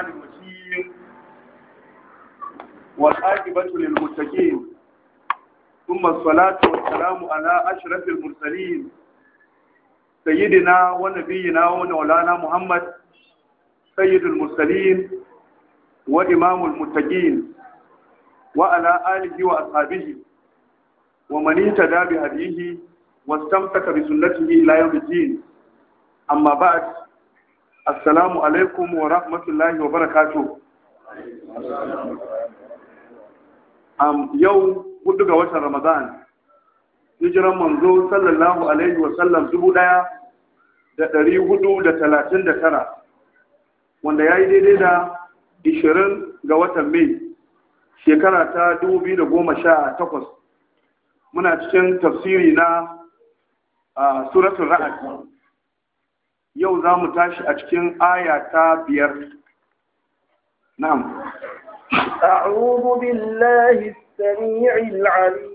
الرحمن والآجبة للمتقين ثم الصلاة والسلام على أشرف المرسلين سيدنا ونبينا ونولانا محمد سيد المرسلين وإمام المتقين وعلى آله وأصحابه ومن اهتدى بهديه واستمسك بسنته إلى يوم الدين أما بعد assalamu alaikum wa rahmatullahi wa barakatuh am yau hudu ga watan ramadan hijiran manzo sallallahu alaihi wa sallam dubu daya da ɗari hudu da talatin da tara wanda ya yi daidai da ishirin ga watan mai shekara ta dubu biyu da goma sha takwas muna cikin tafsiri na ah, suratun ra'ad يو za mu tashi آية تابير نعم أعوذ بالله السميع العليم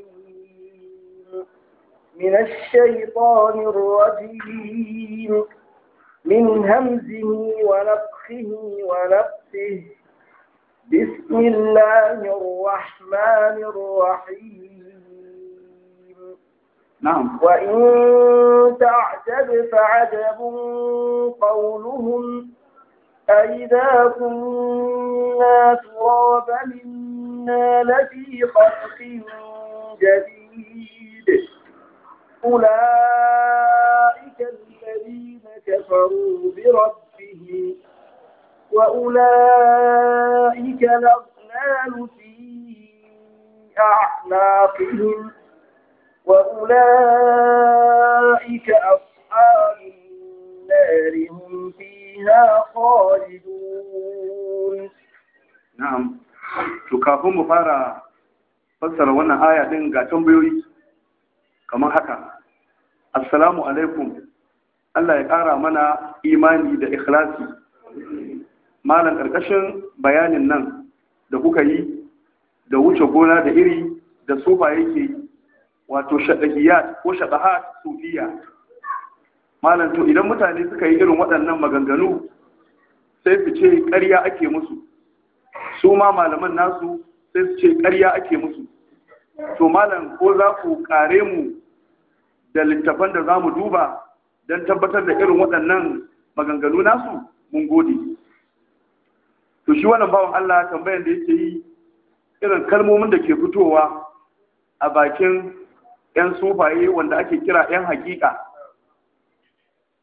من الشيطان الرجيم من همزه ونفخه ونفسه بسم الله الرحمن الرحيم نعم وإن تعجب فعجب قولهم أئذا كنا ترابا إنا لفي خلق جديد أولئك الذين كفروا بربهم وأولئك الأغلال في أعناقهم وأولئك أصحاب النار هم فيها خالدون نعم تكافون مفارا فسر وانا آية دنجا تنبيوي kamar haka assalamu alaikum Allah ya ƙara mana imani da ikhlasi malam ƙarƙashin bayanin nan da kuka yi da wuce gona da iri da sofa yake wato shaɗahiyat ko shaɗahat sufiya malam to idan mutane suka yi irin waɗannan maganganu sai su ce ƙarya ake musu su ma malaman nasu sai su ce ƙarya ake musu to malam ko za ku kare mu da littafan da za mu duba don tabbatar da irin waɗannan maganganu nasu mun gode to shi wannan bawan Allah tambayar da yake yi irin kalmomin da ke fitowa a bakin 'yan sufaye wanda ake kira 'yan hakika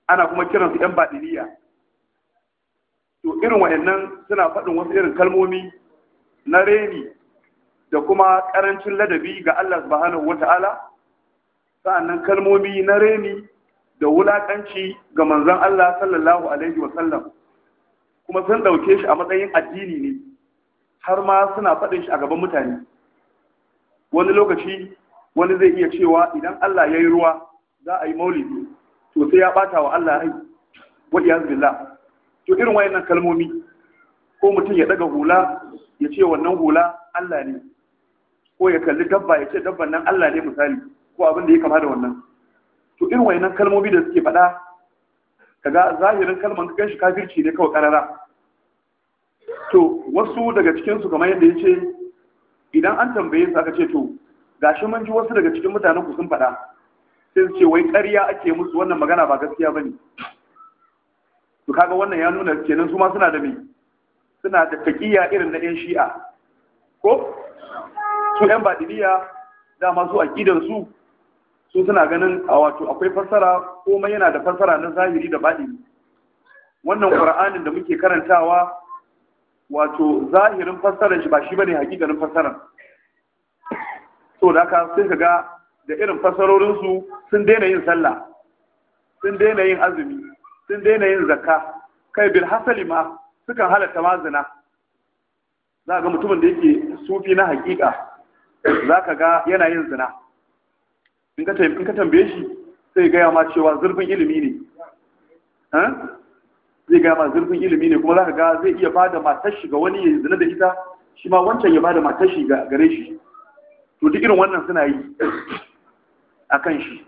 ana kuma kiransu 'yan baɗiniya to irin wa'annan suna faɗin wasu irin kalmomi na reni da kuma ƙarancin ladabi ga Allah subhanahu wata'ala sa'annan kalmomi na reni da wulaƙanci ga manzon Allah sallallahu alaihi sallam kuma sun ɗauke shi a matsayin addini ne har ma suna faɗin shi a gaban mutane wani lokaci wani zai iya cewa idan Allah ya yi ruwa za a yi maulidi to sai ya bata wa Allah rai wa iyaz billah to irin wayannan kalmomi ko mutum ya daga hula ya ce wannan hula Allah ne ko ya kalli dabba ya ce dabban nan Allah ne misali ko abin da ya kama da wannan to irin wayannan kalmomi da suke faɗa kaga zahirin kalman ka shi kafirci ne kawai karara to wasu daga cikin su kamar yadda ya ce idan an tambaye su aka ce to gashi mun ji wasu daga cikin mutanen ku sun faɗa sai su ce wai ƙarya ake musu wannan magana ba gaskiya bane to kaga wannan ya nuna kenan su ma suna da me suna da taqiya irin na yan shi'a ko su yan badiliya dama su aqidar su su suna ganin a wato akwai fassara komai yana da fassara na zahiri da baɗini wannan qur'anin da muke karantawa wato zahirin fassarar shi ba shi bane hakikanin fassarar so da haka sun ga da irin fasarorinsu sun daina yin sallah sun daina yin azumi sun daina yin zakka kai bil hasali ma sukan halatta ma zina za ga mutumin da yake sufi na hakika za ka ga yana yin zina in ka tambaye shi sai gaya ma cewa zurfin ilimi ne zai gaya ma zurfin ilimi ne kuma za ka ga zai iya ba da matar shi ga wani ya zina da ita shi ma wancan ya ba da matar shi gare shi to duk irin wannan suna yi a kan shi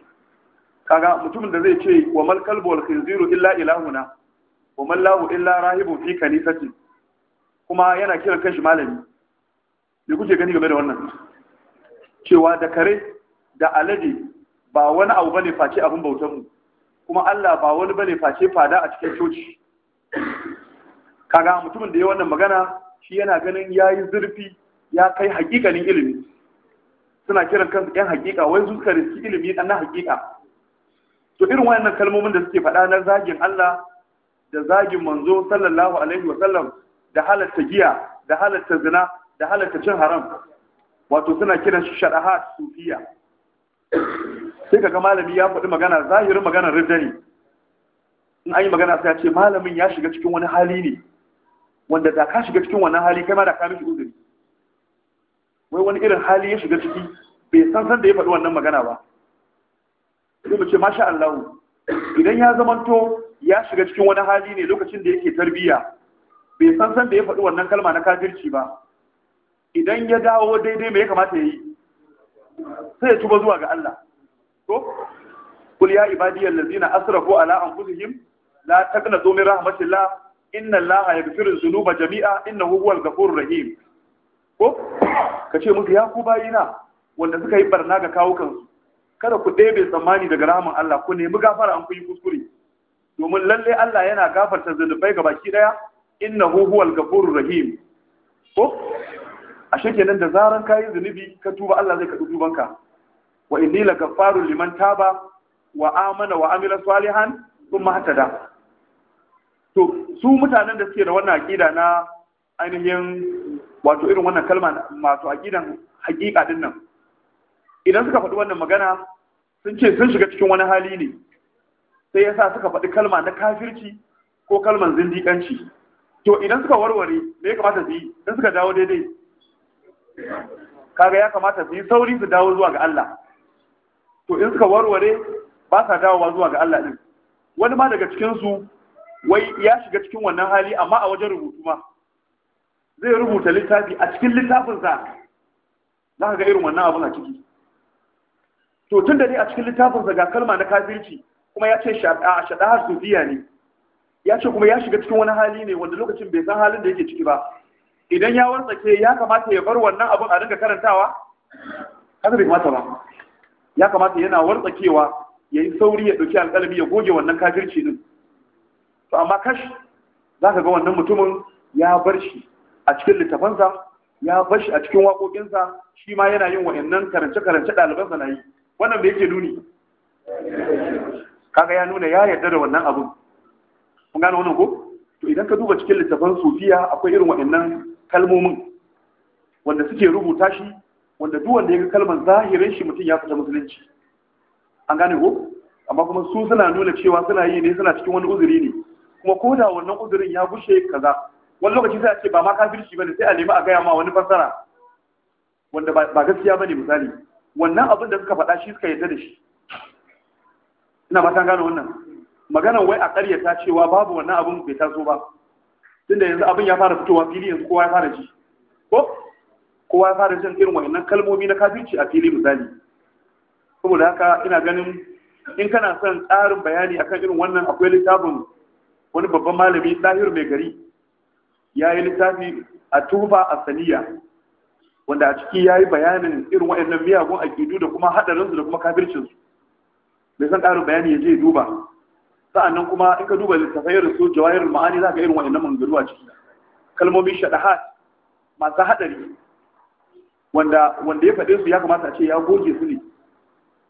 kaga mutumin da zai ce wa mal kalbu wal khinziru illa ilahuna wa mal lahu illa rahibun fi kanisati kuma yana kiran kanshi malami me kuke gani game da wannan cewa da kare da alade ba wani abu bane face abin bautar mu kuma Allah ba wani bane face fada a cikin coci kaga mutumin da ya wannan magana shi yana ganin yayi zurfi ya kai hakikanin ilimi suna kiran kansu yan hakika wai su suka riski ilimi dan na hakika to irin wayannan kalmomin da suke faɗa na zagin Allah da zagin manzo sallallahu alaihi wa sallam da halatta giya da halatta zina da halatta cin haram wato suna kiran shi sharaha sufiya sai ga malami ya faɗi magana zahirin magana riddani in an yi magana sai ya ce malamin ya shiga cikin wani hali ne wanda da ka shiga cikin wani hali kai ma da ka mishi uzuri wai wani irin hali ya shiga ciki bai san san da ya faɗi wannan magana ba sai mu ce masha Allah idan ya zamanto ya shiga cikin wani hali ne lokacin da yake tarbiyya bai san san da ya faɗi wannan kalma na kafirci ba idan ya dawo daidai me ya kamata ya yi sai ya tuba zuwa ga Allah to kul ya ibadiyal ladina asrafu ala anfusihim la taqnatu min rahmatillah inna allaha yaghfiru dhunuba jami'a innahu huwal ghafurur rahim ko ka ce musu ya ku bayina wanda suka yi barna ga kawo kansu kada ku ɗebe tsammani daga rahaman Allah ku nemi gafara an kuyi kuskure domin lalle Allah yana gafarta zunubai ga baki ɗaya. Inna huwal ghafurur rahim ko ashe nan da zaran kayi zunubi ka tuba Allah zai tuban tubanka wa inni lagaffarul liman taba wa amana wa amila salihan thumma hatada to su mutanen da suke da wannan akida na ainihin wato irin wannan kalma masu aqidan hakika din nan idan suka faɗi wannan magana sun ce sun shiga cikin wani hali ne sai yasa suka faɗi kalma na kafirci ko kalman zindiƙanci to idan suka warware me ya kamata su yi in suka dawo daidai kaga ya kamata su yi sauri su dawo zuwa ga Allah to in suka warware ba sa dawowa zuwa ga Allah din wani ma daga cikin su wai ya shiga cikin wannan hali amma a wajen rubutu ma zai rubuta littafi a cikin littafinsa za ka ga irin wannan abin a ciki to tun da dai a cikin littafinsa ga kalma na kafirci kuma ya ce shaɗa har sufiya ne ya ce kuma ya shiga cikin wani hali ne wanda lokacin bai san halin da yake ciki ba idan ya wartsake ya kamata ya bar wannan abin a dinga karantawa haka bai kamata ba ya kamata yana wartsakewa ya yi sauri ya ɗauki alƙalami ya goge wannan kafirci din to amma kash za ka ga wannan mutumin ya bar shi a cikin littafansa ya bashi a cikin waƙoƙinsa shi ma yana yin wa'annan karance-karance ɗalibansa na yi wannan da yake nuni kaga ya nuna ya yarda da wannan abu kun gane wannan ko to idan ka duba cikin littafan sufiya akwai irin wa'annan kalmomin wanda suke rubuta shi wanda duk wanda ya ga kalmar zahirin shi mutum ya fita musulunci an gane ko amma kuma su suna nuna cewa suna yi ne suna cikin wani uzuri ne kuma koda wannan uzurin ya gushe kaza wani lokaci sai a ce ba ma kafirci bane sai a nemi a gaya ma wani fassara wanda ba gaskiya bane misali wannan abin da suka faɗa shi suka yadda da shi ina ba ta gano wannan maganar wai a ƙaryata cewa babu wannan abin bai taso ba tunda yanzu abin ya fara fitowa fili yanzu kowa ya fara ji ko kowa ya fara jin irin wannan kalmomi na kafirci a fili misali saboda haka ina ganin in kana son tsarin bayani akan irin wannan akwai littafin wani babban malami lahiru mai gari ya yi littafi a tufa a saniya wanda a ciki ya yi bayanin irin waɗannan miyagun aƙidu da kuma haɗarinsu da kuma kafircinsu bai san ƙarin bayani ya je duba sa'annan kuma in ka duba littafai irin su jawahirul ma'ani za ka irin waɗannan mangaru a ciki kalmomin shaɗahat masu haɗari wanda wanda ya faɗe su ya kamata a ce ya goge su ne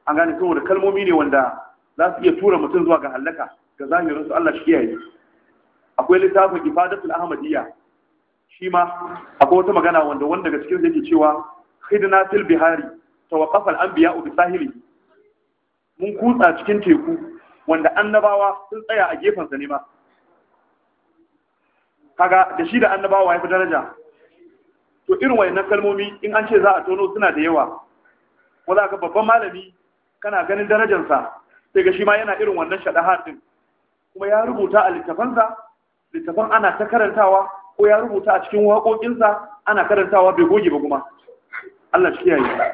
an gane saboda kalmomi ne wanda za su iya tura mutum zuwa ga hallaka ga zahirinsu Allah shi kiyaye akwai littafin ifadatul ahmadiyya shi ma akwai wata magana wanda wanda daga cikin yake cewa khidna fil bihari tawaqqafa al anbiya bi sahili mun kutsa cikin teku wanda annabawa sun tsaya a gefen sa ne ma kaga da shi da annabawa ya fi daraja to irin wayannan kalmomi in an ce za a tono suna da yawa ko za ka babban malami kana ganin darajarsa sai ga shi ma yana irin wannan shadaha din kuma ya rubuta a littafansa littafin ana ta karantawa ko ya rubuta a cikin waƙoƙinsa ana karantawa bai goge ba kuma Allah shi kiyaye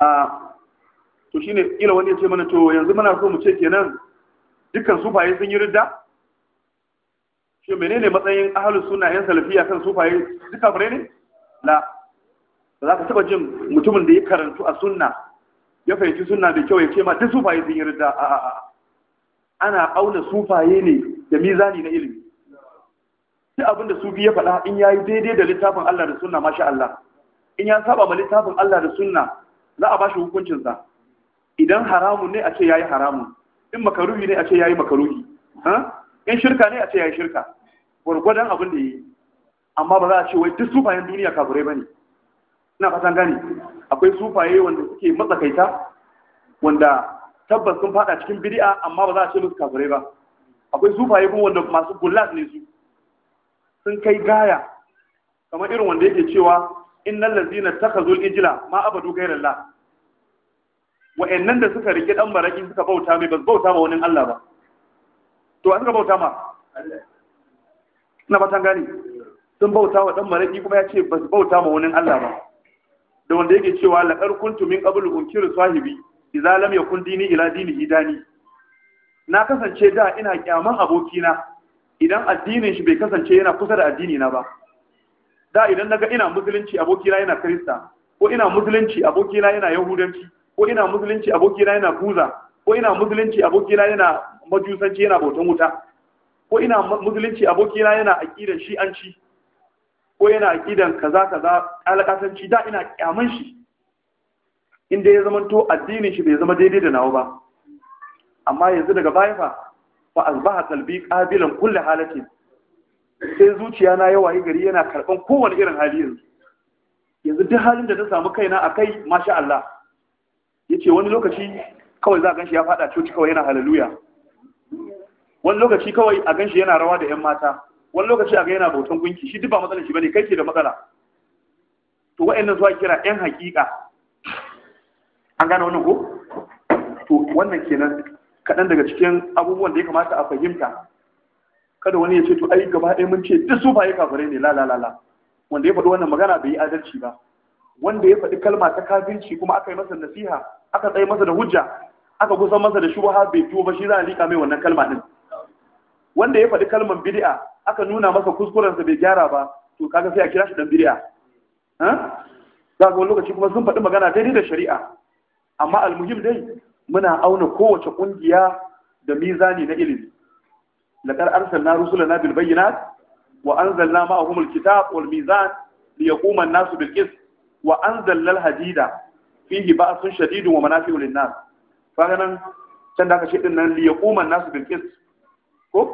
a to shine kila wani ya ce mana to yanzu muna so mu ce kenan dukkan sufaye sun yi ridda shi menene matsayin ahlus sunna yan salafiya kan sufaye duka bare ne la ba za ka taba jin mutumin da ya karantu a sunna ya fahimci sunna da kyau ya ce ma duk sufaye sun yi ridda a a a ana auna sufaye ne da mizani na ilimi duk abin da sufi ya faɗa in yayi daidai da littafin Allah da sunna masha Allah in ya saba ma littafin Allah da sunna za a bashi hukuncin sa idan haramun ne a ce yayi haramun in makaruhi ne a ce yayi makaruhi in shirka ne a ce yayi shirka gwargwadon abin da yi amma ba za a ce wai duk sufayen duniya kafirai bane ina fatan gani akwai sufaye wanda suke matsakaita wanda tabbas sun fada cikin bid'a amma ba za a ce musu kafirai ba akwai sufaye kuma wanda masu gullat ne su sun kai gaya kamar irin wanda yake cewa innal ladzina takhazul ijla ma abadu ghairillah wa'annan da suka rike dan baraki suka bauta mai bas bauta ma wani Allah ba to an suka bauta ma na fatan gani sun bauta wa dan baraki kuma ya ce bas bauta ma wani Allah ba da wanda yake cewa laqad kuntu min qablu unkiru sahibi idza lam yakun dini ila dini idani na kasance da ina kyaman abokina idan addinin shi bai kasance yana kusa da addini na ba da idan naga ina musulunci abokina yana krista ko ina musulunci abokina yana yahudanci ko ina musulunci abokina yana buza ko ina musulunci abokina yana majusanci yana bautan wuta ko ina musulunci abokina yana aqidan shi'anci ko yana aqidan kaza kaza alƙasanci da ina kyaman shi inda ya zama to addinin shi bai zama daidai da nawa ba amma yanzu daga baya fa fa asbaha qalbi qabilan kulli halatin sai zuciya na yawa gari yana karban kowane irin hali yanzu yanzu duk halin da ta samu kaina akai masha Allah yace wani lokaci kawai za a ganshi ya fada coci kawai yana haleluya wani lokaci kawai a ganshi yana rawa da yan mata wani lokaci a ga yana bautan gunki shi duk ba matsalar shi bane kai ke da matsala to wa'annan zuwa kira yan hakika an gane wannan ko to wannan kenan kaɗan daga cikin abubuwan da ya kamata a fahimta kada wani ya ce to ai gaba ɗaya mun ce duk su ba ya kafirai ne la la la la wanda ya faɗi wannan magana bai yi adalci ba wanda ya faɗi kalma ta kafirci kuma aka yi masa nasiha aka tsaye masa da hujja aka kusan masa da shubha bai tuwo ba shi za a liƙa mai wannan kalma din wanda ya faɗi kalman bid'a aka nuna masa kuskurensa bai gyara ba to kaga sai a kira shi dan bid'a ha za ga wani lokaci kuma sun faɗi magana daidai da shari'a amma almuhim dai muna auna kowace kungiya da mizani na ilimi laqad arsalna rusulana bil bayyinat wa anzalna ma'ahum al kitab wal mizan liyaquma an-nasu bil qist wa anzalna al hadida fihi ba'sun shadidun wa manafi'u lin nas kaga nan can da aka ce din nan liyaquma an-nasu bil qist ko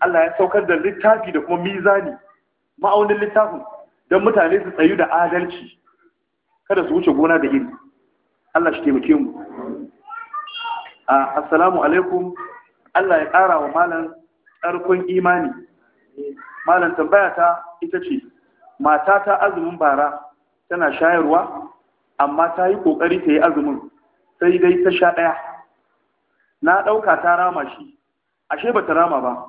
Allah ya saukar da littafi da kuma mizani ma'aunin littafin don mutane su tsayu da adalci kada su wuce gona da iri Allah shi taimake mu assalamu alaikum Allah ya ƙara wa malam ƙarfin imani malam tambaya ta ita ce mata ta azumin bara tana shayarwa amma ta yi ƙoƙari ta yi azumin sai dai ta sha ɗaya na ɗauka ta rama shi ashe ba ta rama ba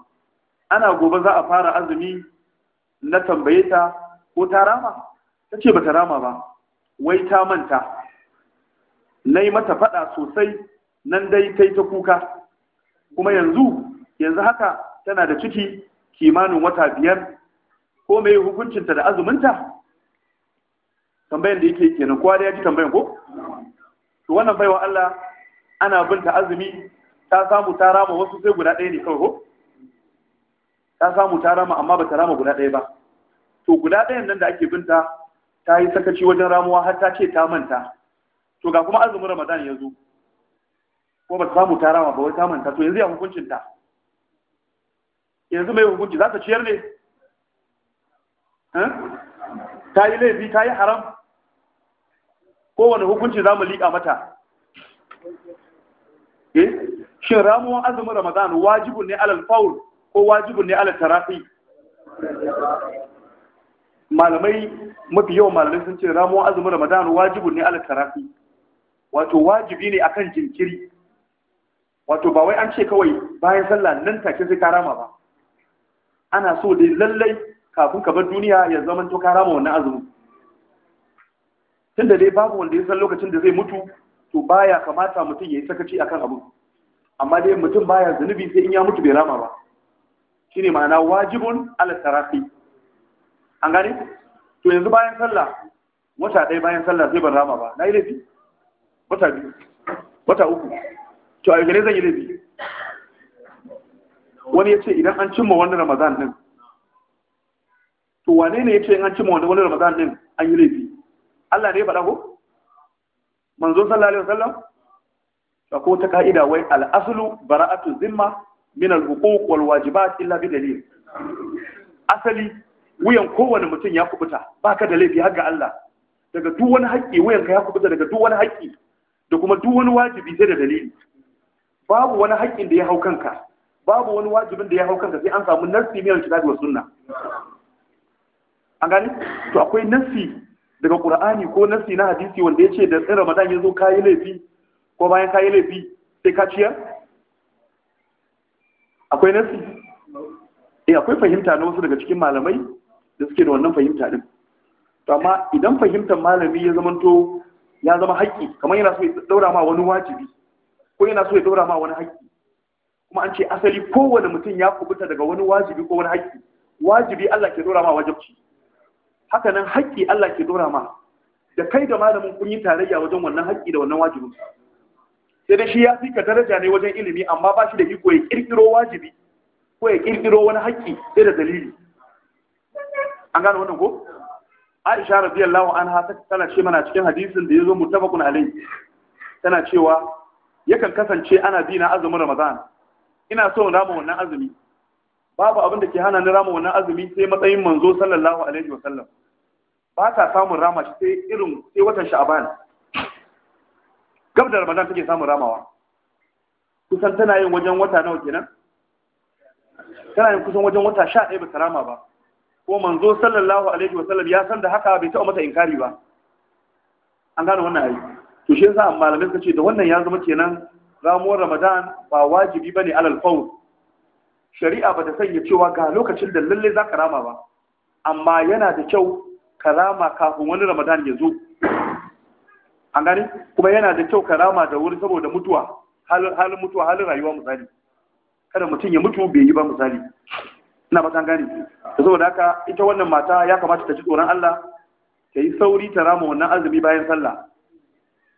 ana gobe za a fara azumi na tambaye ta ko ta rama ta ce ba ta rama ba wai ta manta na yi mata faɗa sosai nan dai ta yi ta kuka kuma yanzu yanzu haka tana da ciki kimanin wata biyar ko mai hukuncinta da azuminta tambayan da yake kenan kowa da ya ji tambayan ko to wannan baiwa Allah ana binta azumi ta samu ta rama wasu sai guda ɗaya ne kawai ko ta samu ta rama amma ba ta rama guda ɗaya ba to guda ɗayan nan da ake binta ta yi sakaci wajen ramuwa har ta ce ta manta to ga kuma azumin ramadan ya zo ko ba ta samu tarawa ba wai ta manta to yanzu ya hukuncin ta yanzu mai hukunci za ta ciyar ne eh? ta yi laifi ta yi haram kowane hukunci za mu liƙa mata eh? shin ramuwan azumin ramadan wajibun ne alal faul ko wajibun ne alal tarafi malamai mafi yawan malamai sun ce ramuwan azumin ramadan wajibun ne alal tarafi wato wajibi ne akan jinkiri wato ba wai an ce kawai bayan sallah nan take sai ka rama ba ana so dai lallai kafin ka bar duniya ya zama to ka rama wannan azumi tunda dai babu wanda ya san lokacin da zai mutu to baya kamata mutum ya yi sakaci akan abu amma dai mutum baya zunubi sai in ya mutu bai rama ba shine ma'ana wajibun ala tarafi an gane to yanzu bayan sallah wata ɗaya bayan sallah sai ban rama ba na yi laifi wata biyu wata uku to a gare zan yi laifi wani ya ce idan an cimma wani ramadan din to wane ne ya ce in an cimma wani ramadan din an yi laifi Allah ne ya faɗa ko manzo sallallahu alaihi wasallam ko ta ka'ida wai al'aslu bara'atu zimma min al-huquq wal wajibat illa bi dalil asali wuyan kowane mutum ya kubuta baka da laifi har ga Allah daga duk wani haƙƙi wuyanka ya kubuta daga duk wani haƙƙi da kuma duk wani wajibi sai da dalili babu wani haƙƙin da ya hau kanka babu wani wajibin da ya hau kanka sai an samu nassi mai kitabi wa sunna an gani to akwai nassi daga qur'ani ko nassi na hadisi wanda ya ce da in ramadan ya zo kayi laifi ko bayan kayi laifi sai ka ciyar akwai nassi eh akwai fahimta na wasu daga cikin malamai da suke da wannan fahimta din to amma idan fahimtar malami ya zamanto ya zama haƙƙi kamar yana so ya daura ma wani wajibi ko yana so ya daura ma wani haƙƙi kuma an ce asali kowane mutum ya kubuta daga wani wajibi ko wani haƙƙi wajibi Allah ke daura ma wajibci haka nan haƙƙi Allah ke daura ma da kai da malamin kun yi tarayya wajen wannan haƙƙi da wannan wajibin sai dai shi ya fi ka daraja ne wajen ilimi amma ba shi da iko ya kirkiro wajibi ko ya kirkiro wani haƙƙi sai da dalili an gane wannan ko Aisha radiyallahu anha ta tana ce mana cikin hadisin da yazo mutabakun alayhi tana cewa yakan kasance ana bi na azumin Ramadan ina so rama wannan azumi babu abin da ke hana ni rama wannan azumi sai matsayin manzo sallallahu alaihi wa sallam ba ta samun rama shi sai irin sai watan Sha'ban gab da Ramadan take samun ramawa kusan tana yin wajen wata nawa kenan tana yin kusan wajen wata 11 ba ta rama ba ko manzo sallallahu alaihi wasallam ya san da haka bai taɓa mata inkari ba an gano wannan ayi to shi yasa malamai suka ce da wannan ya zama kenan ramuwar ramadan ba wajibi bane alal faul shari'a ba ta sanya cewa ga lokacin da lalle za ka rama ba amma yana da kyau ka rama kafin wani ramadan ya zo an gane kuma yana da kyau ka rama da wuri saboda mutuwa halin mutuwa halin rayuwa misali kada mutum ya mutu bai yi ba misali ina ba gane. to saboda haka ita wannan mata ya kamata ta ci tsoron Allah ta yi sauri ta rama wannan azumi bayan sallah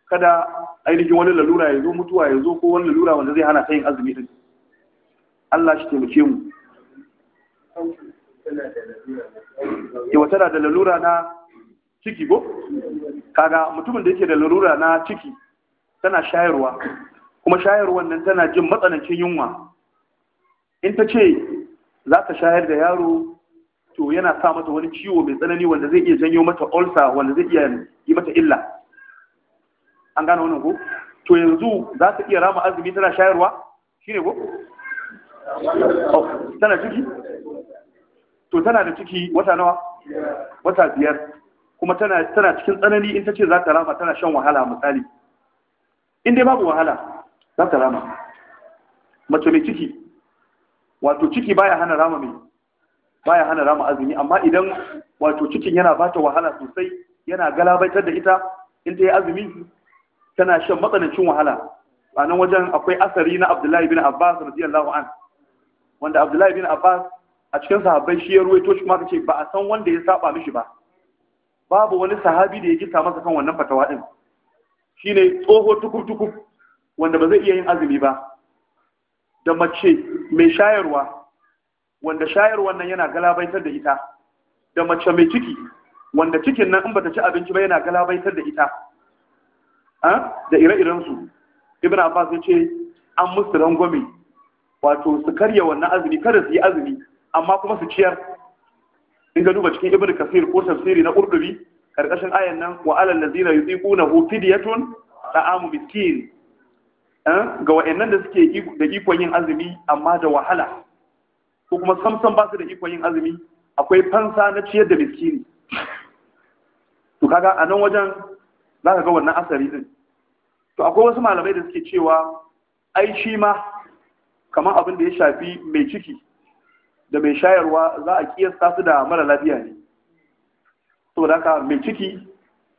kada ainihin wani lalura ya zo mutuwa ya zo ko wani lalura wanda zai hana ta yin azumi din Allah shi taimake mu yawa tana da lalura na ciki ko kaga mutumin da yake da lalura na ciki tana shayarwa kuma shayarwan nan tana jin matsanancin yunwa in ta ce za ta shayar da yaro to yana sa mata wani ciwo mai tsanani wanda zai iya janyo mata ulcer wanda zai iya yi mata illa an gane wannan ko to yanzu za ta iya rama azumi tana shayarwa shine ko oh, tana ciki to tana da ciki wata nawa wata biyar kuma tana tana cikin tsanani in ta ce za ta rama tana shan wahala misali in dai babu wahala za ta rama mace mai ciki wato ciki baya hana rama mai baya hana rama azumi amma idan wato cikin yana bata wahala sosai yana galabaitar da ita in ta yi azumi tana shan matsanancin wahala a nan wajen akwai asari na abdullahi bin abbas radiyallahu an wanda abdullahi bin abbas a cikin sahabbai shi ya ruwaito shi kuma ce ba a san wanda ya saba mishi ba babu wani sahabi da ya gita masa kan wannan fatawa din shine tsoho tukub wanda ba zai iya yin azumi ba da mace mai shayarwa wanda shayarwa nan yana galabaitar da ita da mace mai ciki wanda cikin nan in bata ci abinci ba yana galabaitar da ita ah, da ire-iren su ibn abbas ya ce an musu rangwame wato su karya wannan azumi kada su yi azumi amma kuma su ciyar in ga duba cikin ibn kasir ko tafsiri na urdubi ƙarƙashin ayan nan wa alal ladina yuziquna hu fidyatun ta'amu miskin Eh? ga wa'annan da suke da ikon yin azumi amma da wahala ko kuma samsan ba su da ikon yin azumi akwai fansa na ciyar da miskini to kaga a nan wajen za ka ga wannan asari din to akwai wasu malamai da suke cewa ai shi ma kamar abin da ya shafi mai ciki da mai shayarwa za a kiyasta su da mara lafiya ne saboda haka mai ciki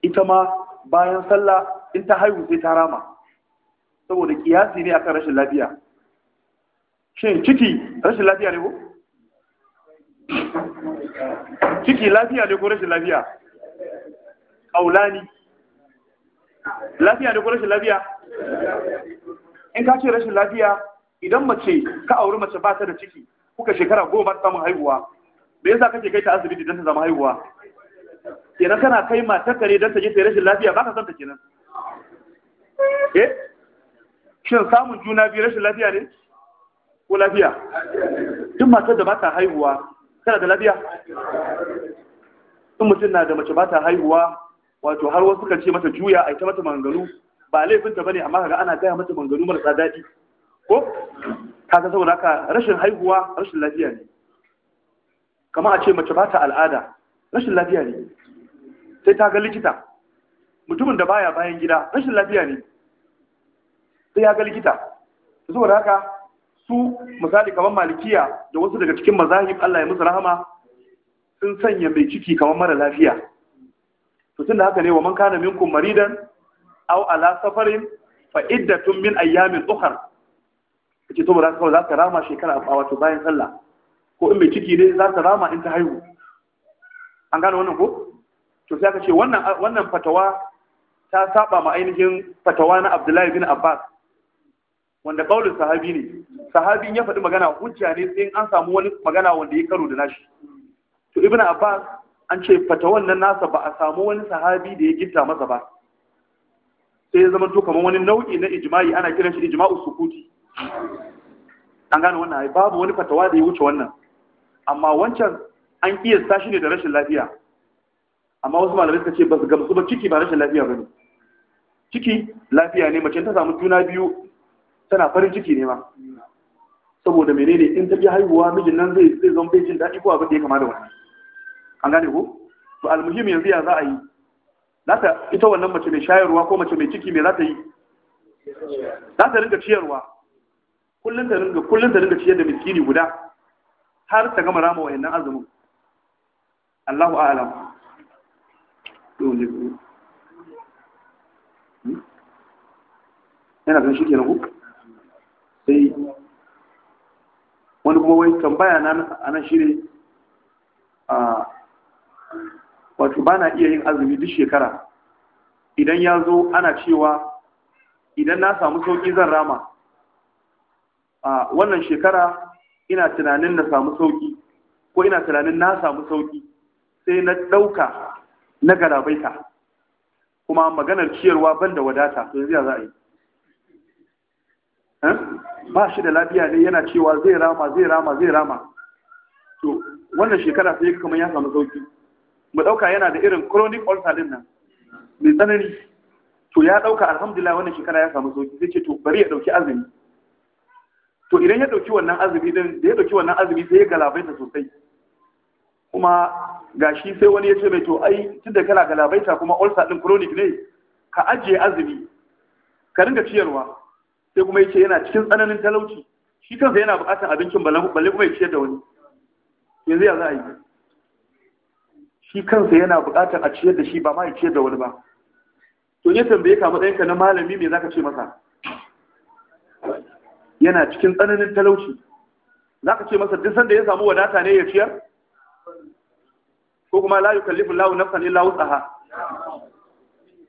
ita ma bayan sallah in ta haihu sai ta rama saboda kiyasi ne akan rashin lafiya shin ciki rashin lafiya ne ko ciki lafiya ne ko rashin lafiya kaulani lafiya ne ko rashin lafiya in ka ce rashin lafiya idan mace ka auri mace ba ta da ciki kuka shekara goma ta samun haihuwa me yasa kake kai ta asibiti don ta zama haihuwa kenan kana kai matar kare don ta je ta rashin lafiya ba ka son ta kenan eh shin samun juna biyu rashin lafiya ne ko lafiya duk matar da ba ta haihuwa tana da lafiya in mutum na da mace ba ta haihuwa wato har wasu kan ce mata juya a ita mata manganu ba laifinta ba ne, amma kaga ana gaya mata manganu marasa daɗi ko kaga saboda haka rashin haihuwa rashin lafiya ne kamar a ce mace ba ta al'ada rashin lafiya ne sai ta ga likita mutumin da baya bayan gida rashin lafiya ne sai ya ga likita saboda haka su misali kamar malikiya da wasu daga cikin mazahib Allah ya musu rahama sun sanya mai ciki kamar mara lafiya to da haka ne wa man kana minkum maridan aw ala safarin fa iddatun min ayyamin ukhra kace to ba za ka rama shekara a wato bayan sallah ko in mai ciki ne za ta rama in ta haihu an gane wannan ko to sai aka ce wannan wannan fatawa ta saba ma ainihin fatawa na Abdullahi bin Abbas wanda kaulin sahabi ne sahabi ya faɗi magana hujja ne sai an samu wani magana wanda ya karo da nashi to ibnu abbas an ce fata wannan nasa ba a samu wani sahabi da ya gitta masa ba sai ya zama to kamar wani nau'i na ijma'i ana kiran shi ijma'u sukuti an gane wannan babu wani fatawa da ya wuce wannan amma wancan an kiyasta shi ne da rashin lafiya amma wasu malamai suka ce ba su gamsu ba ciki ba rashin lafiya ba ne ciki lafiya ne mace ta samu juna biyu tana farin ciki ne ma saboda menene in ta ji haihuwa mijin nan zai zai zan bai jin daɗi ko abin da ya kama da wani an gane ko to almuhim yanzu ya za a yi za ta ita wannan mace mai shayarwa ko mace mai ciki me za ta yi za ta ringa ciyarwa kullum ta ringa kullum ta ringa ciyar da miskini guda har ta gama rama wayannan azumin Allahu a'lam hmm? yana ganin shi kenan ku sai wani kuma wai tambaya na a shi ne a wato ba na iya yin azumi duk shekara idan ya zo ana cewa idan na samu sauƙi zan rama a wannan shekara ina tunanin na samu sauƙi ko ina tunanin na samu sauƙi sai na ɗauka na garabaita kuma maganar ciyarwa ban da wadata sai zai za'a yi ba shi da lafiya ne yana cewa zai rama zai rama zai rama to wannan shekara sai kuma ya samu sauki mu dauka yana da irin chronic ulcer din nan mai tsanani to ya dauka alhamdulillah wannan shekara ya samu sauki sai ce to bari ya dauki azumi to idan ya dauki wannan azumi din da ya dauki wannan azumi sai ya galabaita sosai kuma gashi sai wani ya ce mai to ai tunda kana galabaita kuma ulcer din chronic ne ka ajiye azumi ka dinga ciyarwa sai kuma yace yana cikin tsananin talauci shi kansa yana buƙatar abincin balle kuma ya ciyar da wani yanzu ya za a yi shi kansa yana buƙatar a ciyar da shi ba ma ya ciyar da wani ba to ya tambaye ka matsayinka na malami me zaka ce masa yana cikin tsananin talauci zaka ce masa duk sanda ya samu wadata ne ya ciyar ko kuma la yukallifu Allahu nafsan illa wus'aha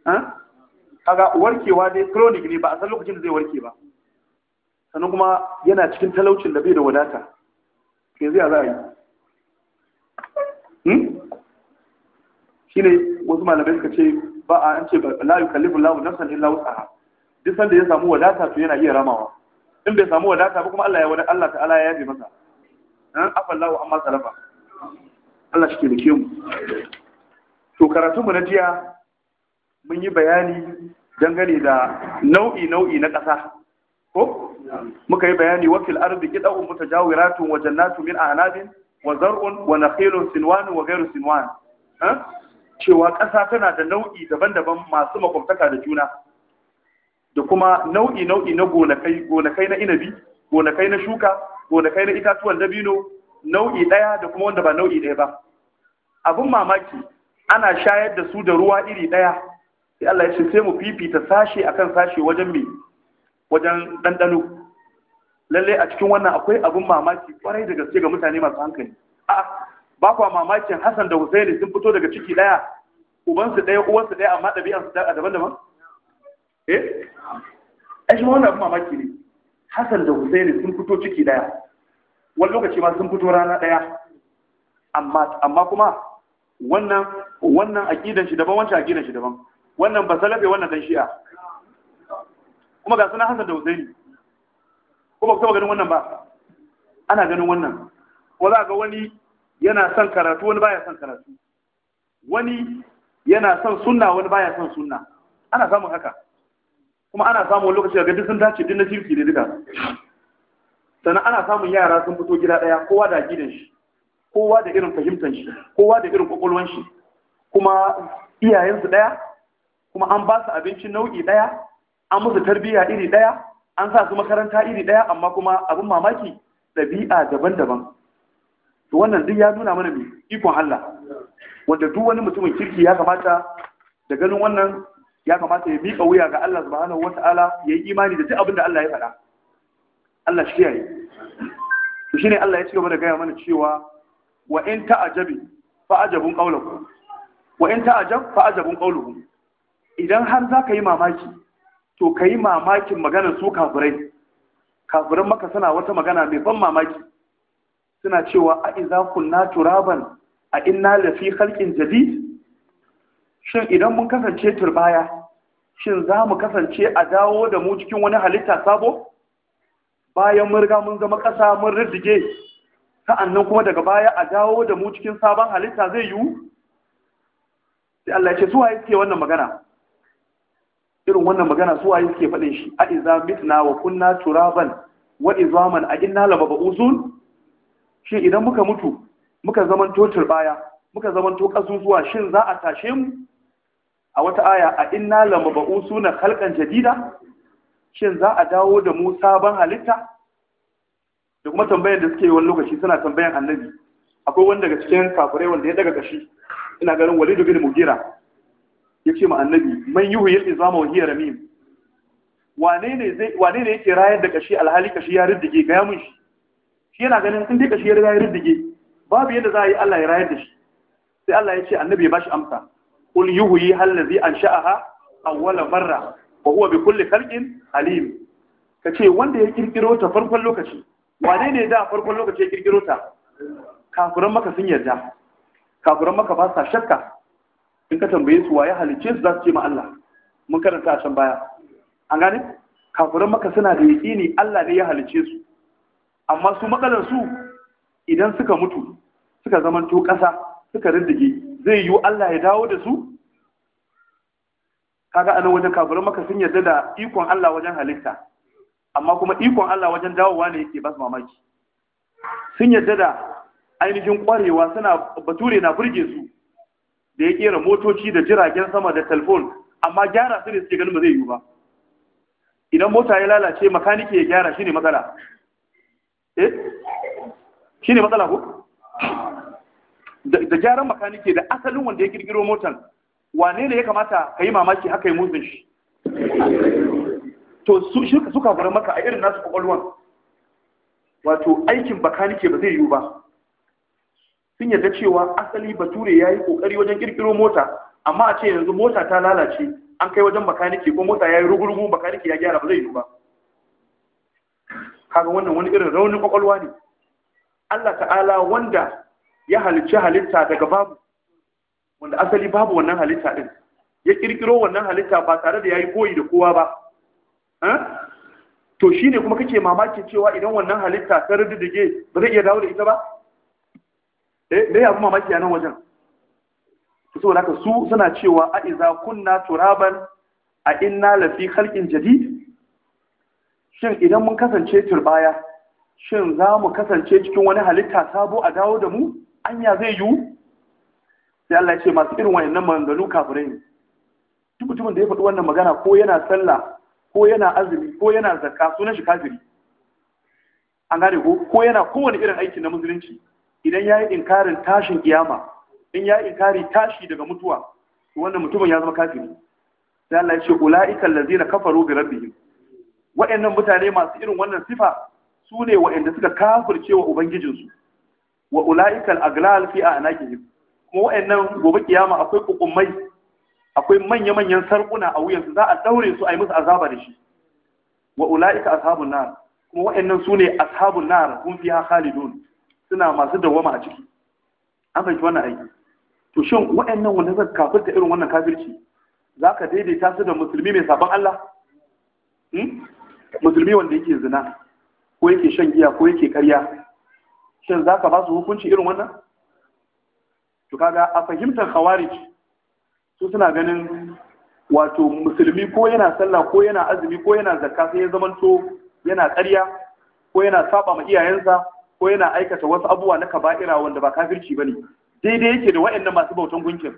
ha kaga warkewa dai chronic ne ba a san lokacin da zai warke ba sannan kuma yana cikin talaucin da bai da wadata ke zai za a yi hmm? shine wasu malamai suka ce ba a an ce la yukallifu lahu nafsan illa wus'aha duk sanda ya samu wadata to yana iya ramawa in bai samu wadata ba kuma Allah ya wada Allah ta'ala ya yabe masa an afallahu amma salafa Allah shi ke da ke mu to karatun mu na jiya mun yi bayani dangane da nau'i nau'i na ƙasa ko muka yi bayani wakil ardi qida'un mutajawiratun wa natu min a'nabin wa zar'un wa nakhilun sinwan wa ghayru sinwan eh? cewa ƙasa tana da nau'i daban-daban masu makwabtaka da juna da kuma nau'i nau'i na gonakai gonakai na inabi gonakai na shuka gonakai na itatuwan dabino nau'i ɗaya da kuma wanda ba nau'i ɗaya ba abin mamaki ana shayar da su da ruwa iri ɗaya sai Allah ya ce sai mu fifita sashe akan sashe wajen me wajen dandano lalle a cikin wannan akwai abun mamaki kwarai da gaske ga mutane masu hankali a ba kwa mamakin Hassan da Hussein sun fito daga ciki daya su daya uwansu daya amma ɗabi'an su daban-daban eh ai shi wannan abun mamaki ne Hassan da Hussein sun fito ciki daya wani lokaci ma sun fito rana daya amma amma kuma wannan wannan aqidan shi daban wancan aqidan shi daban wannan ba salafi wannan dan shi'a kuma ga suna Hassan da Husaini ko ba ku ganin wannan ba ana ganin wannan ko za ga wani yana son karatu wani baya son karatu wani yana son sunna wani baya son sunna ana samun haka kuma ana samun lokaci ga duk sun dace duk na jirki ne duka sannan ana samun yara sun fito gida ɗaya kowa da gidan shi kowa da irin fahimtar shi kowa da irin kwakwalwar shi kuma iyayensu ɗaya kuma an ba su abinci nau'i ɗaya an musu tarbiyya iri ɗaya an sa su makaranta iri ɗaya amma kuma abin mamaki ɗabi'a daban-daban to wannan duk ya nuna mana mai ikon Allah wanda duk wani mutumin kirki ya kamata da ganin wannan ya kamata ya miƙa wuya ga Allah subhanahu wata'ala ya yi imani da duk abin da Allah ya faɗa Allah shi kiyaye to shine Allah ya ci gaba da gaya mana cewa wa in ta'ajabi fa ajabun qawluhum wa in ta'ajab fa ajabun qawluhum idan har za ka yi mamaki to ka yi mamakin maganar su kafirai kafirin maka suna wata magana mai ban mamaki suna cewa a iza kunna turaban a inna lafi halkin jadid shin idan mun kasance turbaya shin za mu kasance a dawo da mu cikin wani halitta sabo bayan mun riga mun zama ƙasa mun riddige sa'annan kuma daga baya a dawo da mu cikin sabon halitta zai yiwu sai Allah ya ce su waye suke wannan magana irin wannan magana su waye suke faɗin shi a iza mitna wa kunna turaban wa izaman a inna la babuzun shi idan muka mutu muka zamanto turbaya muka to kasusuwa shin za a tashe mu a wata aya a inna la babuzuna khalqan jadida shin za a dawo da mu sabon halitta da kuma tambayar da suke yi wani lokaci suna tambayan annabi akwai wanda daga cikin kafirai wanda ya daga kashi ina ganin walidu bin mugira ya ce ma annabi man yuhu yil izama wa hiya ramim wane ne zai wane ne yake rayar da kashi alhali kashi ya riddige ga mun shi shi yana ganin in dai kashi ya riddige babu yadda za a yi Allah ya rayar da shi sai Allah ya ce annabi ya bashi amsa qul yuhyi allazi ansha'aha awwala barra wa huwa bi kulli khalqin alim kace wanda ya kirkiro ta farkon lokaci wane ne da farkon lokaci ya kirkiro ta kafuran maka sun yarda kafuran maka ba sa shakka in ka tambaye su waye halicce su za su ce ma Allah mun karanta a can baya an gane kafirin maka suna da yaƙini Allah ne ya halicce su amma su matsalar su idan suka mutu suka zamanto ƙasa suka rindige zai yiwu Allah ya dawo da su kaga anan wajen kafirin maka sun yarda da ikon Allah wajen halitta amma kuma ikon Allah wajen dawowa ne yake ba su mamaki sun yarda da ainihin kwarewa suna bature na burge su da ya kera motoci da jiragen sama da telefon amma gyara su ne suke ganin ba zai yiwu ba idan mota ya lalace makaniki ya gyara shine matsala eh shine matsala ko da gyaran makaniki da asalin wanda ya kirkiro motan wane ne ya kamata ka yi mamaki haka yi motsin shi to su shirka suka gura maka a irin nasu kwakwalwan wato aikin bakanike ba zai yiwu ba sun yarda cewa asali bature ya yi ƙoƙari wajen ƙirƙiro mota amma a ce yanzu mota ta lalace an kai wajen makaniki ko mota ya yi rugurugu makaniki ya gyara ba zai yi ba kaga wannan wani irin raunin kwakwalwa ne Allah ta'ala wanda ya halicci halitta daga babu wanda asali babu wannan halitta din ya kirkiro wannan halitta ba tare da yayi koyi da kowa ba to shine kuma kake mamakin cewa idan wannan halitta ta ruddige ba zai iya dawo da ita ba Eh, me ya abu mamaki a nan wajen saboda haka su suna cewa a iza kunna turaban a inna lafi halkin jadid shin idan mun kasance turbaya shin za mu kasance cikin wani halitta sabo a dawo da mu anya zai yiwu sai Allah ce masu irin wayannan maganganu kafirai ne Tukutumin da ya faɗi wannan magana ko yana sallah ko yana azumi ko yana zakka sunan shi kafiri an gane ko ko yana kowane irin aiki na musulunci idan ya yi inkarin tashin kiyama in ya yi inkari tashi daga mutuwa wannan mutumin ya zama kafiri sai Allah ya ce ulaika allazina kafaru bi rabbihim wa'annan mutane masu irin wannan sifa su ne wa'anda suka kafirce wa ubangijinsu wa ulaikal aglal fi a'naqihim kuma wa'annan gobe kiyama akwai kukummai akwai manya-manyan sarkuna a wuyansu za a daure su a yi musu azaba da shi wa ulaika ashabun nar kuma wa'annan su ne ashabun nar hum fiha khalidun suna masu dawama a ciki an fahimci wannan aiki to shin waɗannan wanda zan kafirta irin wannan kafirci za ka daidaita su da musulmi mai sabon Allah hmm? musulmi wanda yake zina ko yake shan giya ko yake karya shin za ka ba su hukunci irin wannan to kaga a fahimtar khawarij su suna ganin wato musulmi ko yana sallah ko yana azumi ko yana zakka sai ya zamanto yana karya ko yana saba ma iyayensa ko yana aikata wasu abubuwa na kaba'ira wanda ba kafirci ne. daidai yake da waɗannan masu bautan gunkin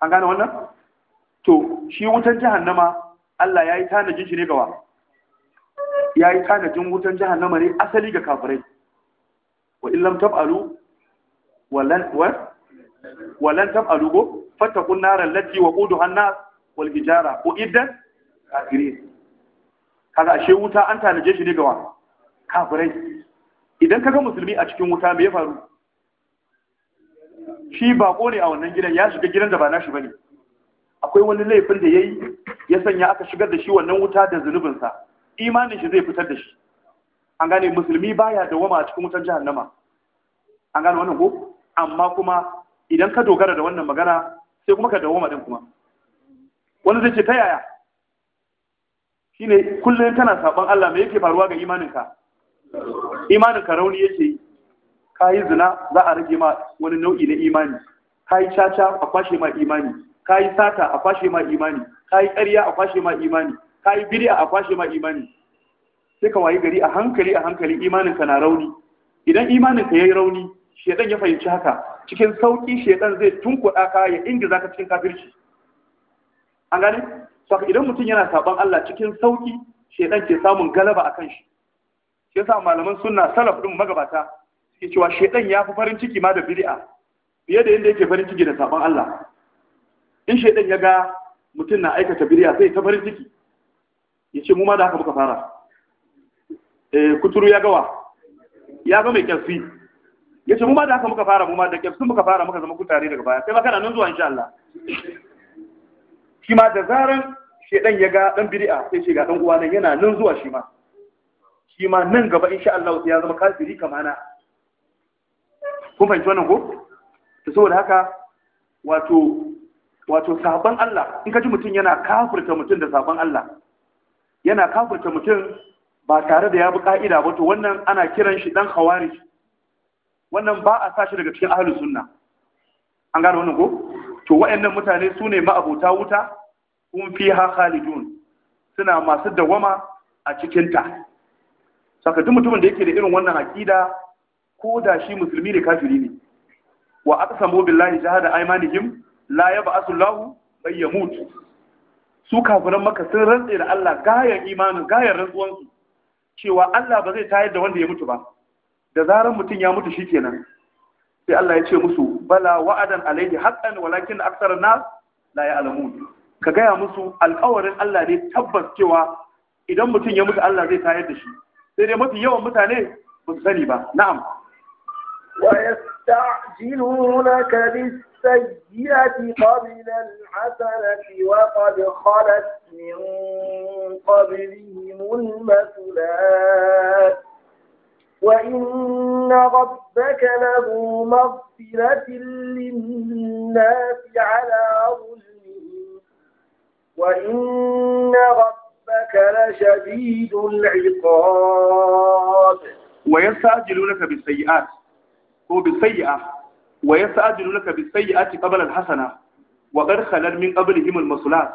an gane wannan to shi wutan jahannama Allah ya yi tanajin shi ne gawa ya yi tanajin wutan jahannama ne asali ga kafirai wa illam tab'alu walan wa lan tab'alu go fattaqun nar lati wa an-nas wal hijara idan kafirai kaga ashe wuta an tanaje shi ne gawa kafirai idan kaga musulmi a cikin wuta me ya faru shi bako ne a wannan gidan ya shiga gidan da ba nashi bane akwai wani laifin da yayi ya sanya aka shigar da shi wannan wuta da zunubinsa. imanin shi zai fitar da shi an gane musulmi baya dawama a cikin wutar jahannama an gane wannan ko amma kuma idan ka dogara da wannan magana sai kuma ka dawama din kuma wani zai ce ta yaya shine kullum kana saban Allah me yake faruwa ga imaninka imanin karauni rauni yake ka yi zina za a rage ma wani nau'i na imani ka yi caca a kwashe ma imani ka yi sata a kwashe ma imani ka yi ƙarya a kwashe ma imani ka yi bid'a a kwashe ma imani sai ka wayi gari a hankali a hankali imanin ka na rauni idan imanin ka yayi rauni shedan ya fahimci haka cikin sauki shedan zai tunkuɗa ka ya ingiza ka cikin kafirci an gane saka idan mutum yana saban Allah cikin sauki shedan ke samun galaba akan shi yasa malaman sunna salaf din magabata suke cewa shedan ya fi farin ciki ma da bid'a fiye da yadda yake farin ciki da sabon Allah in shedan ya ga mutum na aikata bid'a sai ta farin ciki ya ce mu ma da haka muka fara eh kuturu ya gawa ya ga mai kyasfi ya ce mu ma da haka muka fara mu ma da kyasfi muka fara muka zama kutare daga baya sai maka kana nan zuwa insha Allah shi ma da zaran shedan ya ga dan bid'a sai shiga ga dan uwa nan yana nan zuwa shi ma shi ma nan gaba insha Allah ya zama kafiri kamana kun fahimci wannan ko to saboda haka wato wato sabon Allah in ka ji mutum yana kafirta mutum da sabon Allah yana kafirta mutum ba tare da ya bi ka'ida ba to wannan ana kiran shi dan khawarij wannan ba a sashi daga cikin ahlus sunna an gane wannan ko to wayannan mutane su ne ma'abuta wuta kun fiha khalidun suna masu dawama a cikin ta saka duk mutumin da yake da irin wannan aqida ko da shi musulmi ne kafiri ne wa aqsamu billahi jahada aymanihim la yab'asu Allahu man yamut su kafiran maka sun rantse da Allah gayan imanin gayan rantsuwan su cewa Allah ba zai tayar da wanda ya mutu ba da zaran mutum ya mutu shikenan sai Allah ya ce musu bala wa'adan alayhi haqqan walakin an nas la ya'lamun ka gaya musu alƙawarin Allah ne tabbas cewa idan mutum ya mutu Allah zai tayar da shi sai dai mafi yawan mutane ba su sani ba بالسيئة قبل الحسنة وقد خلت من قبلهم المثلات وإن ربك له مغفرة للناس على ظلمهم وإن ربك ربك لشديد العقاب ويستعجلونك بالسيئات هو بالسيئة ويستعجلونك بالسيئة قبل الحسنة وقد خلل من قبلهم المصلات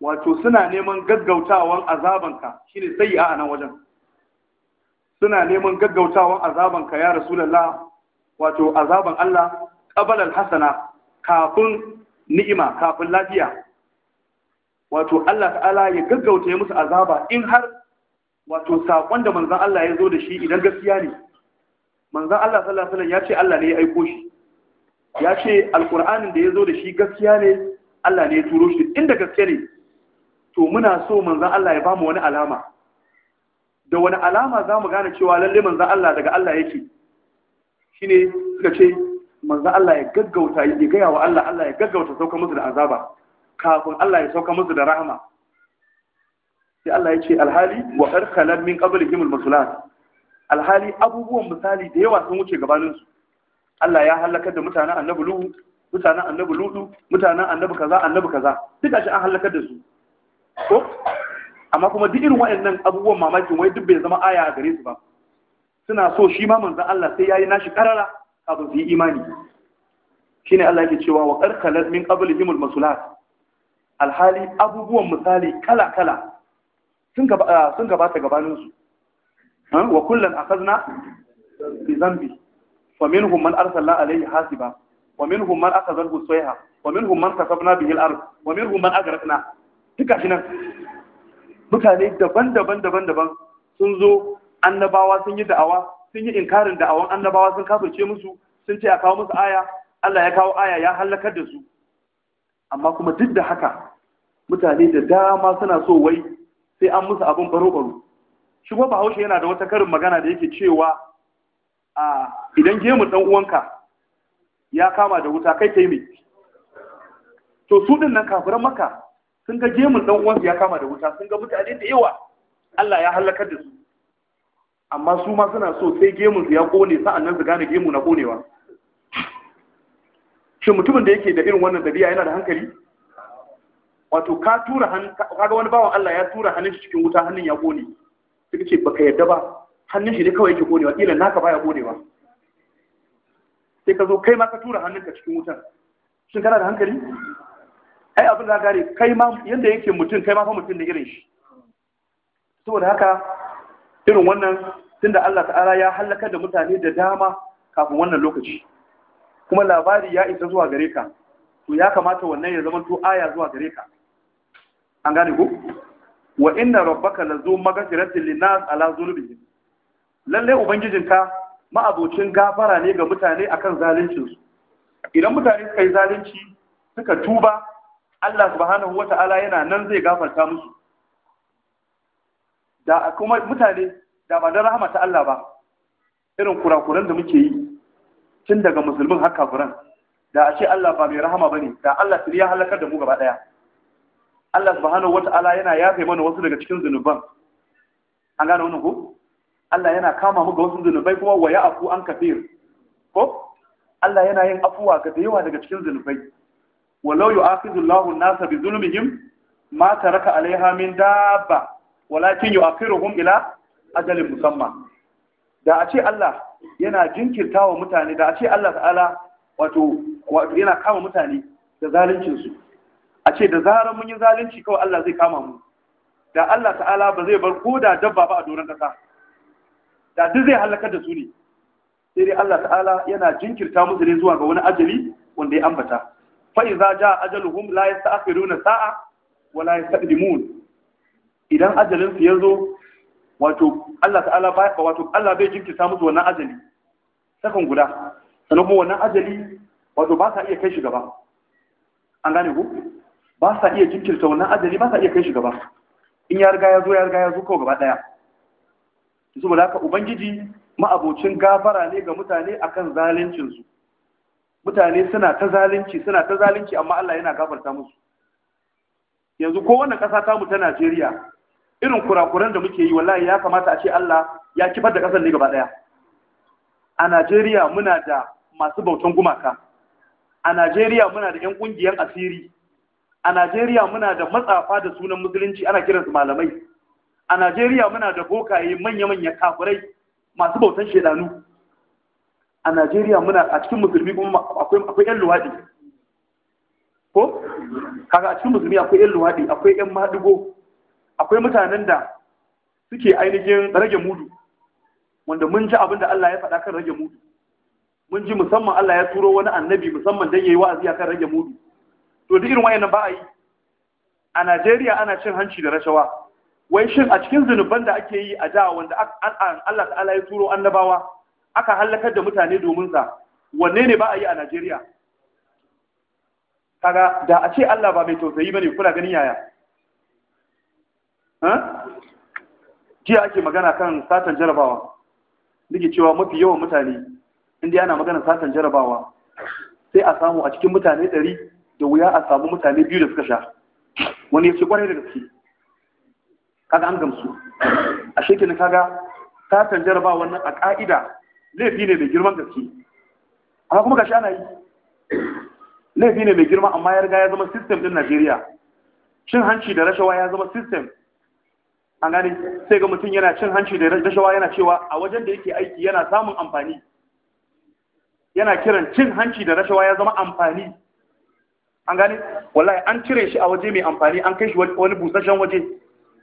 wato suna neman gaggautawan azabanka shine sai a nan wajen suna neman gaggautawan azabanka ya rasulullah wato azaban Allah qabala alhasana kafin ni'ima kafin lafiya wato Allah ta'ala ya gaggauta ya musu azaba in har wato saƙon da manzan Allah ya zo da shi idan gaskiya ne manzan Allah sallallahu alaihi ya ce Allah ne ya aiko shi ya ce alƙur'anin da ya zo da shi gaskiya ne Allah ne ya turo shi inda gaske ne to muna so manzan Allah ya bamu wani alama da wani alama za mu gane cewa lalle manzan Allah daga Allah yake shine suka ce manzan Allah ya gaggauta ya gaya wa Allah Allah ya gaggauta sauka musu da azaba kafin Allah ya sauka musu da rahama sai Allah ya ce alhali wa karkalan min qabli himul musulat alhali abubuwan misali da yawa sun wuce gabanin su Allah ya halakar da mutanen annabi Nuhu mutanen annabi Lutu mutanen annabi kaza annabi kaza duka shi an halakar da su ko amma kuma duk irin waɗannan abubuwan mamakin wai duk bai zama aya a gare su ba suna so shi ma manzon Allah sai yayi nashi karara kafin su yi imani shine Allah yake cewa wa qarqalat min qablihim al-masulat alhali abubuwan misali kala-kala sun ah, gabata gabaninsu wa kullum a kazna bi zambi wa min humman arsalla alayhi hasiba wa min humman aka zargu soyaha wa min humman kasabna bihil arz wa min humman agarakna duka shi nan mutane daban-daban daban-daban sun zo annabawa sun yi da'awa sun yi inkarin da'awan annabawa sun kafirce musu sun ce a kawo musu aya Allah ya kawo aya ya halakar da su amma kuma duk da haka mutane da dama suna so wai sai an musu abin baro-baro shi kuma bahaushe yana da wata karin magana da yake cewa a idan gemun dan uwanka ya kama da wuta kai kai mai to su din nan kafiran maka sun ga gemun dan uwansu ya kama da wuta sun ga mutane da yawa Allah ya halakar da su amma su ma suna so sai gemun su ya kone sa'annan su gane gemu na konewa shin mutumin da yake da irin wannan dabi'a yana da hankali wato ka tura hannun kaga wani bawan Allah ya tura hannun shi cikin wuta hannun ya gone suka ce baka yadda ba hannun shi ne kawai yake gonewa kila naka baya gonewa sai ka zo kai ma ka tura hannun ka cikin wutan shin kana da hankali ai abin da gare kai ma yanda yake mutum kai ma fa mutum da irin shi saboda haka irin wannan tunda Allah ta'ala ya halaka da mutane da dama kafin wannan lokaci kuma labari ya isa zuwa gare ka to ya kamata wannan ya zama to aya zuwa gare ka an gane ku wa inna rabbaka lazu magfiratin linnas ala zulmihim lalle ubangijinka ma'abocin gafara ne ga mutane akan zaluncin su idan mutane suka yi zalunci suka tuba Allah subhanahu wata'ala yana nan zai gafarta musu da kuma mutane da ba da rahama ta Allah ba irin kurakuran da muke yi tun daga musulmin har kafiran da a ce Allah ba mai rahama bane da Allah tuni ya halakar da mu gaba daya Allah subhanahu wata'ala yana yafe mana wasu daga cikin zunuban an gane wannan ko Allah yana kama mu ga wasu zunubai kuma wa ya'fu an kafir ko Allah yana yin afuwa ga da yawa daga cikin zunubai walau yu'akhidhu Allahu an-nasa bi zulmihim ma taraka 'alayha min dabba walakin yu'akhiruhum ila ajalin musamma da a ce Allah yana jinkirtawa mutane da a ce Allah ta'ala wato yana kama mutane da zaluncinsu a ce da zarar mun yi zalunci kawai Allah zai kama mu da Allah ta'ala ba zai bar ko da dabba ba a doron kasa da duk zai halakar da su ne sai dai Allah ta'ala yana jinkirta musu ne zuwa ga wani ajali wanda ya ambata fa iza ja ajaluhum la yasta'khiruna sa'a wa la yastaqdimun idan ajalin su yazo wato Allah ta'ala ba wato Allah bai jinkirta musu wannan ajali sakan guda sanan kuma wannan ajali wato ba ka iya kai shi gaba an gane ku ba sa iya jinkirta wannan ajali ba sa iya kai shi gaba in ya riga ya zo ya riga ya zo kawai gaba daya saboda haka ubangiji ma'abocin gafara ne ga mutane akan zaluncinsu. mutane suna ta zalunci suna ta zalunci amma Allah yana gafarta musu yanzu ko wannan kasa tamu ta Najeriya irin kurakuran da muke yi wallahi ya kamata a ce Allah ya kifar da kasar ne gaba ɗaya a Najeriya muna da masu bautan gumaka a Najeriya muna da 'yan ƙungiyar asiri a Najeriya muna da matsafa da sunan musulunci ana kiransu malamai a Najeriya muna da bokaye manya-manya kafirai masu bautan shedanu a Najeriya muna a cikin musulmi kuma akwai akwai ƴan luwadi ko kaga a cikin musulmi akwai ƴan luwadi akwai ƴan madugo akwai mutanen da suke ainihin rage mudu wanda mun ji abin da Allah ya faɗa kan rage mudu mun ji musamman Allah ya turo wani annabi musamman dan yayi wa'azi kan rage mudu to duk irin wayannan ba a yi a Najeriya ana cin hanci da rashawa wai shin a cikin zunuban da ake yi a da wanda Allah ta'ala ya turo annabawa aka halakar da mutane domin sa wanne ne ba a yi a Najeriya kaga da a ce Allah ba mai tausayi bane kuna ganin yaya jiya ake magana kan satan jarabawa nake cewa mafi yawan mutane inda ana magana satan jarabawa sai a samu a cikin mutane ɗari da wuya a samu mutane biyu da suka sha wani ya ce kwarai da gaske kaga an gamsu a shekin kaga satan jaraba wannan a ka'ida laifi ne mai girman gaske amma kuma gashi ana yi laifi ne mai girma amma ya riga ya zama system din Najeriya cin hanci da rashawa ya zama system an gane sai ga mutum yana cin hanci da rashawa yana cewa a wajen da yake aiki yana samun amfani yana kiran cin hanci da rashawa ya zama amfani an gani wallahi an cire shi a waje mai amfani an kai shi wani busasshen waje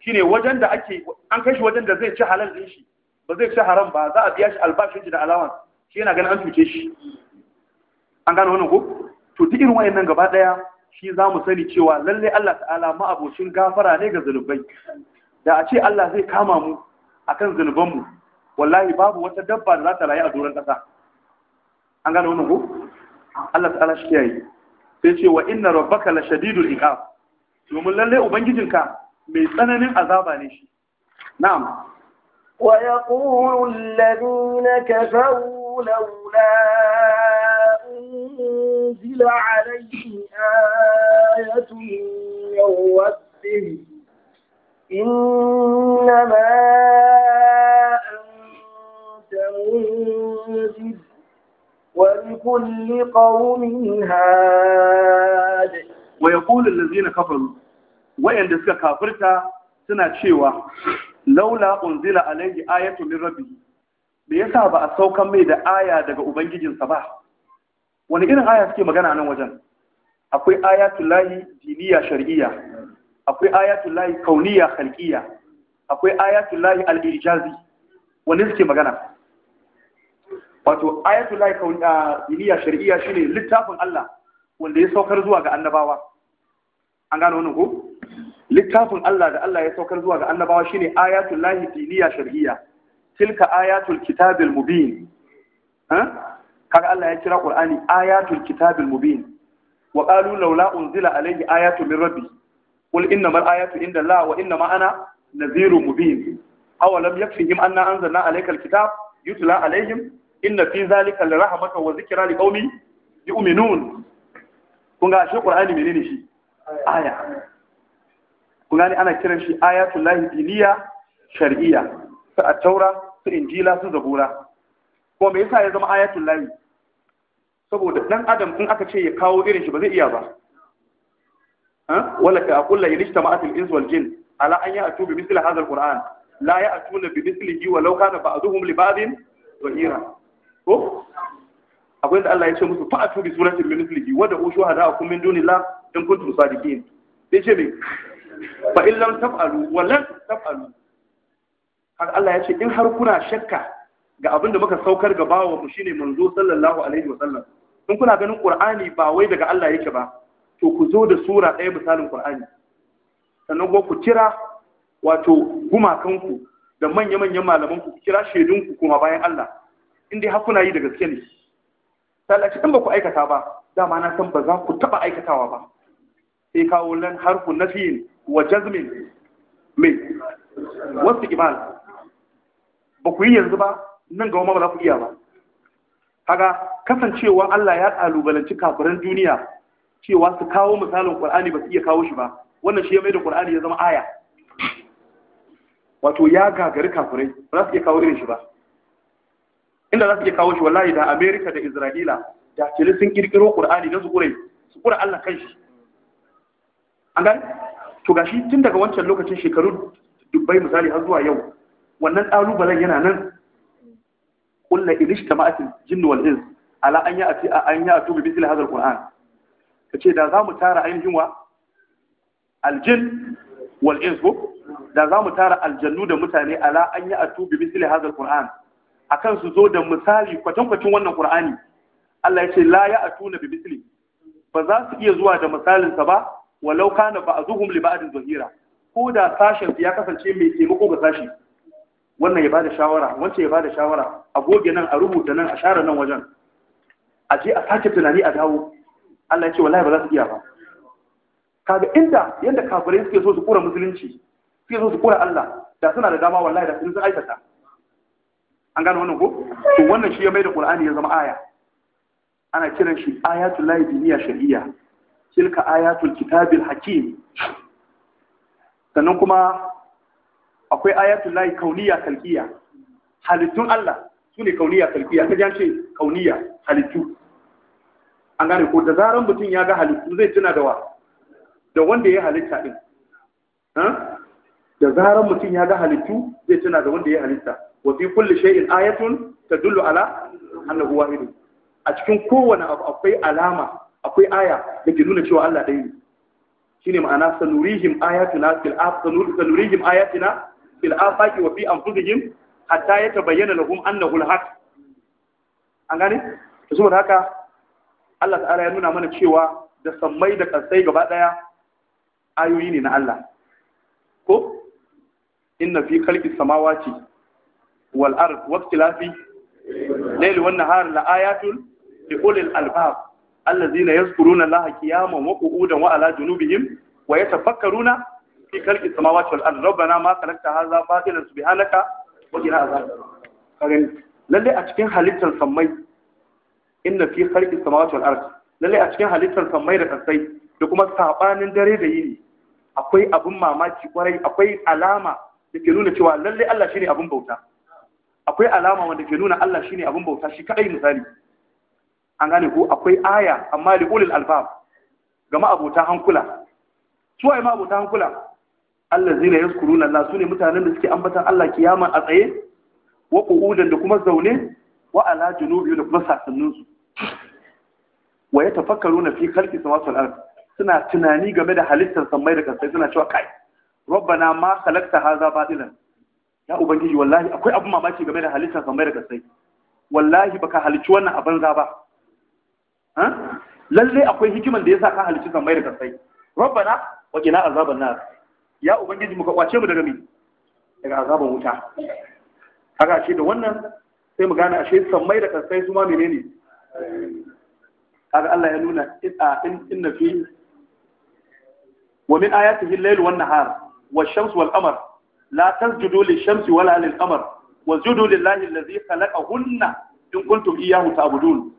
shine wajen da ake an kai shi wajen da zai ci halal din shi ba zai ci haram ba za a biya shi albashin shi da alawan shi yana ganin an cuce shi an gane wannan ko to duk irin wayannan gaba daya shi za mu sani cewa lalle Allah ta'ala ma'abocin gafara ne ga zunubai da a ce Allah zai kama mu akan zunuban mu wallahi babu wata dabba da za ta rayu a doron kasa an gane wannan ko Allah ta'ala shi kiyaye sai ce wa inna rabbaka la shadidul iqab domin lalle ubangijinka mai tsananin azaba ne shi na'am wa yaqulu alladhina kafaru laula unzila alayhi ayatun yawabbi innama anta munzir ولكل قوم هاد ويقول الذين كفروا وين دسك كافرتا suna cewa laula unzila alaihi ayatu min rabbihi me yasa ba a saukan mai da aya daga ubangijinsa ba wani irin aya suke magana nan wajen akwai ayatul lahi diniya shar'iyya akwai ayatul lahi kauniya khalqiyya akwai ayatul lahi al wani suke magana wato ayatul lahi kauniya ah, shar'iyya shine littafin Allah wanda ya saukar zuwa ga annabawa an gano wannan ko littafin Allah da Allah ya saukar zuwa ga annabawa shine ayatul lahi diniya shar'iyya tilka ayatul kitabil mubin kaga Allah ya kira Qur'ani ayatul kitabil mubin wa qalu laula unzila alayhi ayatu min rabbi qul innamal ayatu inda Allah wa innama ana nadhirun mubin aw lam yakfihim anna anzalna alayka alkitab yutla alayhim inna fi zalika la rahmatan wa zikra li qaumi yu'minun kun ga shi qur'ani menene shi aya kun gani ana kiran shi ayatul lahi diniya shar'iyya su a taura su injila su zabura kuma me yasa ya zama ayatul lahi saboda dan adam in aka ce ya kawo irin shi ba zai iya ba wala ka aqulla in ijtama'at al-ins wal jin ala an ya'tu bi mithli hadha al-qur'an la ya'tuna bi mithlihi walau kana ba'dhuhum li ba'dhin zahira ko akwai da Allah ya ce musu atu bi suratin min mithlihi wa hada shuhada'akum min la in kuntum sadiqin sai ce me fa in lam taf'alu wa lan taf'alu har Allah ya ce in har kuna shakka ga abin da muka saukar ga bawo mu shine manzo sallallahu alaihi wa sallam in kuna ganin qur'ani ba wai daga Allah yake ba to ku zo da sura ɗaya misalin qur'ani sannan ku kira wato gumakanku da manya-manyan malamanku ku kira shaidunku kuma bayan Allah in dai hakuna yi da gaske ne sai Allah in ba ku aikata ba dama na san ba za ku taba aikatawa ba sai kawo lan harfu nafiyin wa jazmin mai wasu iman ba ku yi yanzu ba nan gaba ba za ku iya ba kaga kasancewa Allah ya kalubalanci kafiran duniya cewa su kawo misalin Qur'ani ba su iya kawo shi ba wannan shi ya mai da Qur'ani ya zama aya wato ya gagari kafirai ba za su iya kawo irin shi ba inda za su iya kawo shi wallahi da Amerika da Isra'ila da tili sun kirkiro ƙur'ani na su kure su ƙura Allah shi an gani to shi tun daga wancan lokacin shekaru dubbai misali har zuwa yau wannan kalubalen yana nan kullu Ilish al-jinn wal ins ala an yi a tubi bisil hazar hadha al ce da za mu tara ainihin wa aljin jinn wal ins da za mu tara aljannu da mutane ala an yi a tubi bisil hazar quran akan su zo da misali kwatankwacin wannan Qur'ani Allah ya ce la ya atuna bi misli ba za su iya zuwa da misalin sa ba walau kana ba'dhum li ba'din zahira ko da sashen ya kasance mai taimako ga sashi wannan ya bada shawara wancan ya bada shawara a goge nan a rubuta nan a share nan wajen a je a sake tunani a dawo Allah ya ce wallahi ba za su iya ba kaga inda yadda kafirai suke so su kura musulunci suke so su kura Allah da suna da dama wallahi da sun aikata an gano wannan ko to wannan shi ya mai da qur'ani ya zama aya ana kiran shi ayatul lahi diniya shar'iyya tilka ayatul kitabil hakim sannan kuma akwai ayatul lahi kauniya kalqiya halittun Allah su ne kauniya kalqiya ka jance kauniya halittu an gane ko da zaran mutum ya ga halittu zai tuna da wa da wanda ya halitta din da zaran mutum ya ga halittu zai tuna da wanda ya halitta wa fi kulli shay'in ayatun tadullu ala annahu wahid a cikin kowane akwai alama akwai aya da nuna cewa Allah ɗaya ne shine ma'ana sanurihim ayatuna fil afsanur sanurihim ayatina fil afaqi wa fi anfusihim hatta haq an haka Allah ta'ala ya nuna mana cewa da sammai da kansai gaba daya ayoyi ne na Allah ko inna fi khalqis samawati wal ard wa ikhtilafi layli wan nahar la ayatun li ulil albab allazina yazkuruna allaha qiyaman wa qu'udan wa ala junubihim wa yatafakkaruna fi khalqis samawati wal ard ma lalle a cikin halittar sammai inna fi khalqis samawati wal ard lalle a cikin halittar sammai da kasai da kuma sabanin dare da yini akwai abin mamaki kwarai akwai alama da ke nuna cewa lalle Allah shine abin bauta akwai alama wanda ke nuna Allah shine abin bauta shi kadai misali an gane ko akwai aya amma li ulil albab ga ma'abota hankula su ai ma'abota hankula allazina yazkuruna Allah sune mutanen da suke ambatan Allah kiyama a tsaye wa qu'udan da kuma zaune wa ala junubi da kuma sasannin su wa yatafakkaruna fi khalqi samawati wal ard suna tunani game da halittar samai da kasai suna cewa kai rabbana ma khalaqta hadha batilan ya ubangiji wallahi akwai abin mamaki game da halitta kamar da gasai wallahi baka halicci wannan a banza ba lalle akwai hikiman da yasa ka halicci kamar da gasai rabbana wa qina azaban nar ya ubangiji muka kwace mu daga mi daga azaban wuta haka ce da wannan sai mu gane ashe samai da kasai su ma menene kaga Allah ya nuna inna fi wa min ayatihi al-layl wan nahar wash-shams wal-qamar لا تسجدوا للشمس wala للقمر وسجدوا لله الذي خلقهن khalaqahunna in kuntum تعبدون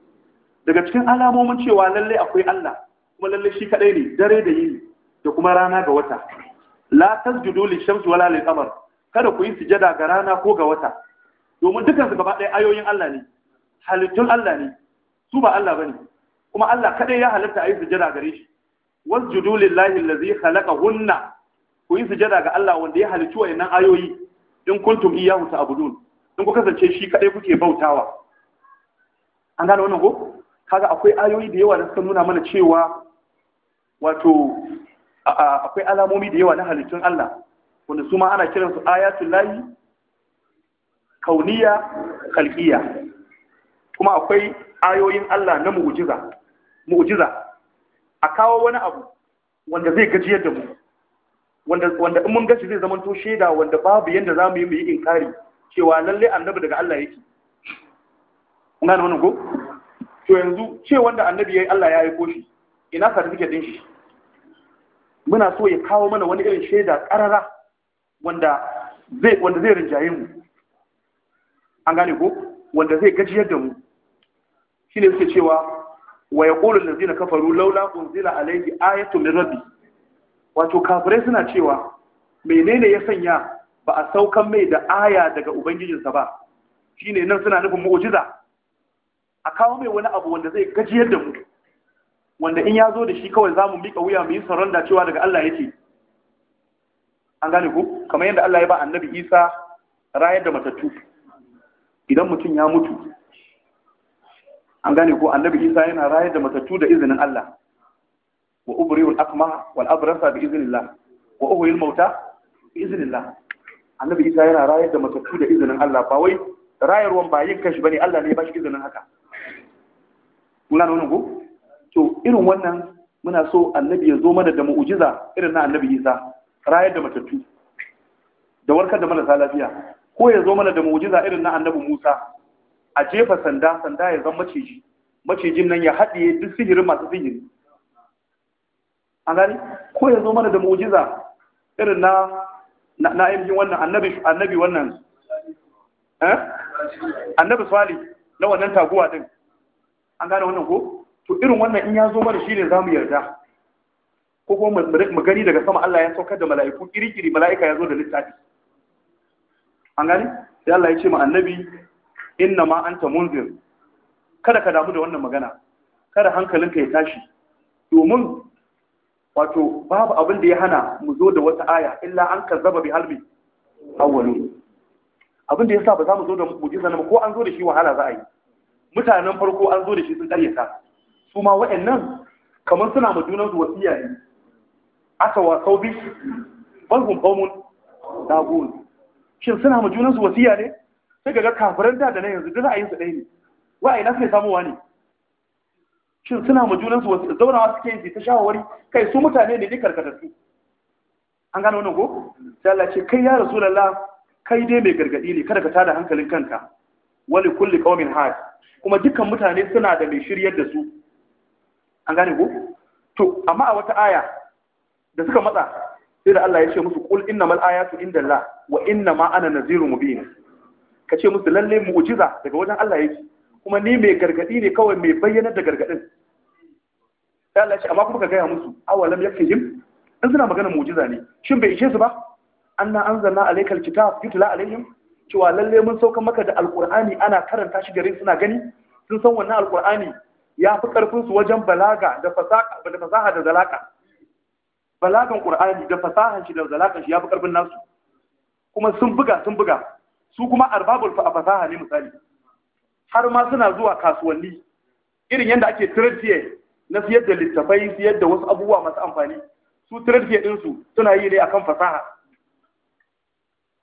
daga cikin alamomin cewa lalle akwai Allah kuma lalle shi kadai ne dare da yini da kuma rana ga wata la tasjudu shamsi wala lil qamar kada ku yi sujada ga rana ko ga wata domin su gaba ɗaya ayoyin Allah ne halittun Allah ne su ba Allah bane kuma Allah kadai ya halitta ayi sujada gare shi wasjudu lillahi allazi khalaqahunna ku yi sujada ga Allah wanda ya halicci wayannan ayoyi in kuntum iyyahu ta'budun in ku kasance shi kadai kuke bautawa an gane wannan ko kaga akwai ayoyi da yawa da suka nuna mana cewa wato akwai alamomi da yawa na halittun Allah wanda su ma ana kiransu ayatul lahi kauniya khalqiya kuma akwai ayoyin Allah na mu'jiza mu'jiza a kawo wani abu wanda zai gajiyar da mu wanda wanda in mun gashi zai zama to shaida wanda babu yanda za mu yi mu yi inkari cewa lalle annabi daga Allah yake kun gane wannan ko to yanzu ce wanda annabi yayi Allah ya aiko shi ina suke din shi muna so ya kawo mana wani irin shaida karara wanda zai wanda zai rinjaye mu an gane ko wanda zai gajiyar da mu shine suke cewa wa yaqulu allazina kafaru laula unzila alayhi ayatun min rabbi wato kafirai suna cewa menene ya sanya ba a saukan mai da aya daga ubangijinsa ba shine nan suna nufin mu'jiza a kawo mai wani abu wanda zai gajiyar da mu wanda in ya zo da shi kawai za mu miƙa wuya mu yi saranda cewa daga Allah yake an gane ku kamar yadda Allah ya ba annabi Isa rayar da matattu idan mutum ya mutu an gane ku annabi Isa yana rayar da matattu da izinin Allah wa ubriul akma wal abrasa bi iznillah wa uhil mauta bi iznillah annabi isa yana rayar da matattu da izinin Allah ba wai rayarwan ba yin kashi bane Allah ne ya bashi izinin haka kuna da wannan ko to irin wannan muna so annabi ya zo mana da mu'jiza irin na annabi isa rayar da matattu da warkar da marasa lafiya ko ya zo mana da mu'jiza irin na annabi musa a jefa sanda sanda ya zama maciji macijin nan ya haɗiye duk sihirin masu sihiri an gani ko ya zo mana da mu'jiza irin na na yin wannan annabi annabi wannan eh annabi swali na wannan taguwa din an gane wannan ko to irin wannan in ya zo mana shine zamu yarda ko kuma mu gani daga sama Allah ya saukar da mala'iku kirikiri mala'ika ya zo da littafi an gani sai Allah ya ce ma annabi inna ma anta munzir kada ka damu da wannan magana kada hankalinka ya tashi domin wato babu abin da ya hana mu zo da wata aya illa an kazzaba bi halbi awwalu abin da yasa ba za mu zo da mu'jiza ba ko an zo da shi wahala za a yi mutanen farko an zo da shi sun karyata su ma wa'annan kamar suna ma junan su wasiya ne aka wa saubi bal qawmun qaumun dagun shin suna ma junan su wasiya ne sai ga kafiran da da na yanzu duk ra'ayin su ɗaya ne wa'ai na sai samuwa ne shin suna ma junansu wasu zaunawa suke yin ta shawarwari kai su mutane ne ne karkatattu an gano wannan ko sai Allah ce kai ya rasulullah kai dai mai gargadi ne kada ka tada hankalin kanka wali kulli qaumin had kuma dukkan mutane suna da mai shiryar da su an gane ko to amma a wata aya da suka matsa sai da Allah ya ce musu qul innamal ayatu indallah wa innama ana nazirun mubin ka ce musu lalle mu'jiza daga wajen Allah yake kuma ni mai gargadi ne kawai mai bayyana da gargadin sai Allah ya ce amma kuma ka gaya musu awalam yakfihim in suna magana mu'jiza ne shin bai ishe su ba anna anzalna alaykal kitab yutla alaihim cewa lalle mun sauka maka da alqur'ani ana karanta shi gare suna gani sun san wannan alqur'ani ya fi karfin su wajen balaga da fasaha da fasaha da zalaka balagan qur'ani da fasahan shi da zalakan shi ya fi karfin nasu kuma sun buga sun buga su kuma arbabul fa fasaha ne misali har ma suna zuwa kasuwanni irin yadda ake trade na siyar da littafai siyar da wasu abubuwa masu amfani su trade ɗinsu suna yi ne akan fasaha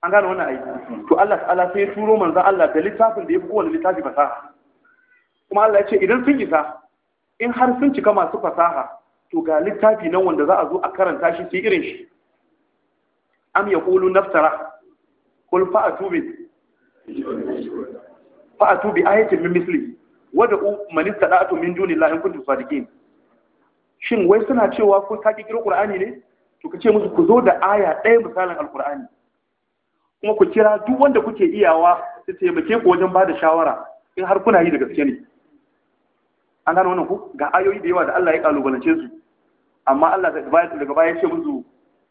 an gane wannan aiki to Allah ta'ala sai ya turo manzo Allah da littafin da ya fi kowane littafi fasaha kuma Allah ya ce idan sun isa in har sun cika masu fasaha to ga littafi nan wanda za a zo a karanta shi su irin shi am ya kulu naftara kul fa'atu bi fa'atu bi ayatin min mislihi Wadau u man istada'tu min dunillahi in kuntum sadiqin shin wai suna cewa kun saki kiro qur'ani ne to kace musu ku zo da aya ɗaya misalin alqur'ani kuma ku kira duk wanda kuke iyawa su taimake ku wajen bada shawara in har kuna yi da gaske ne an gano wannan ku ga ayoyi da yawa da Allah ya kalubalance su amma Allah daga baya daga baya ya ce musu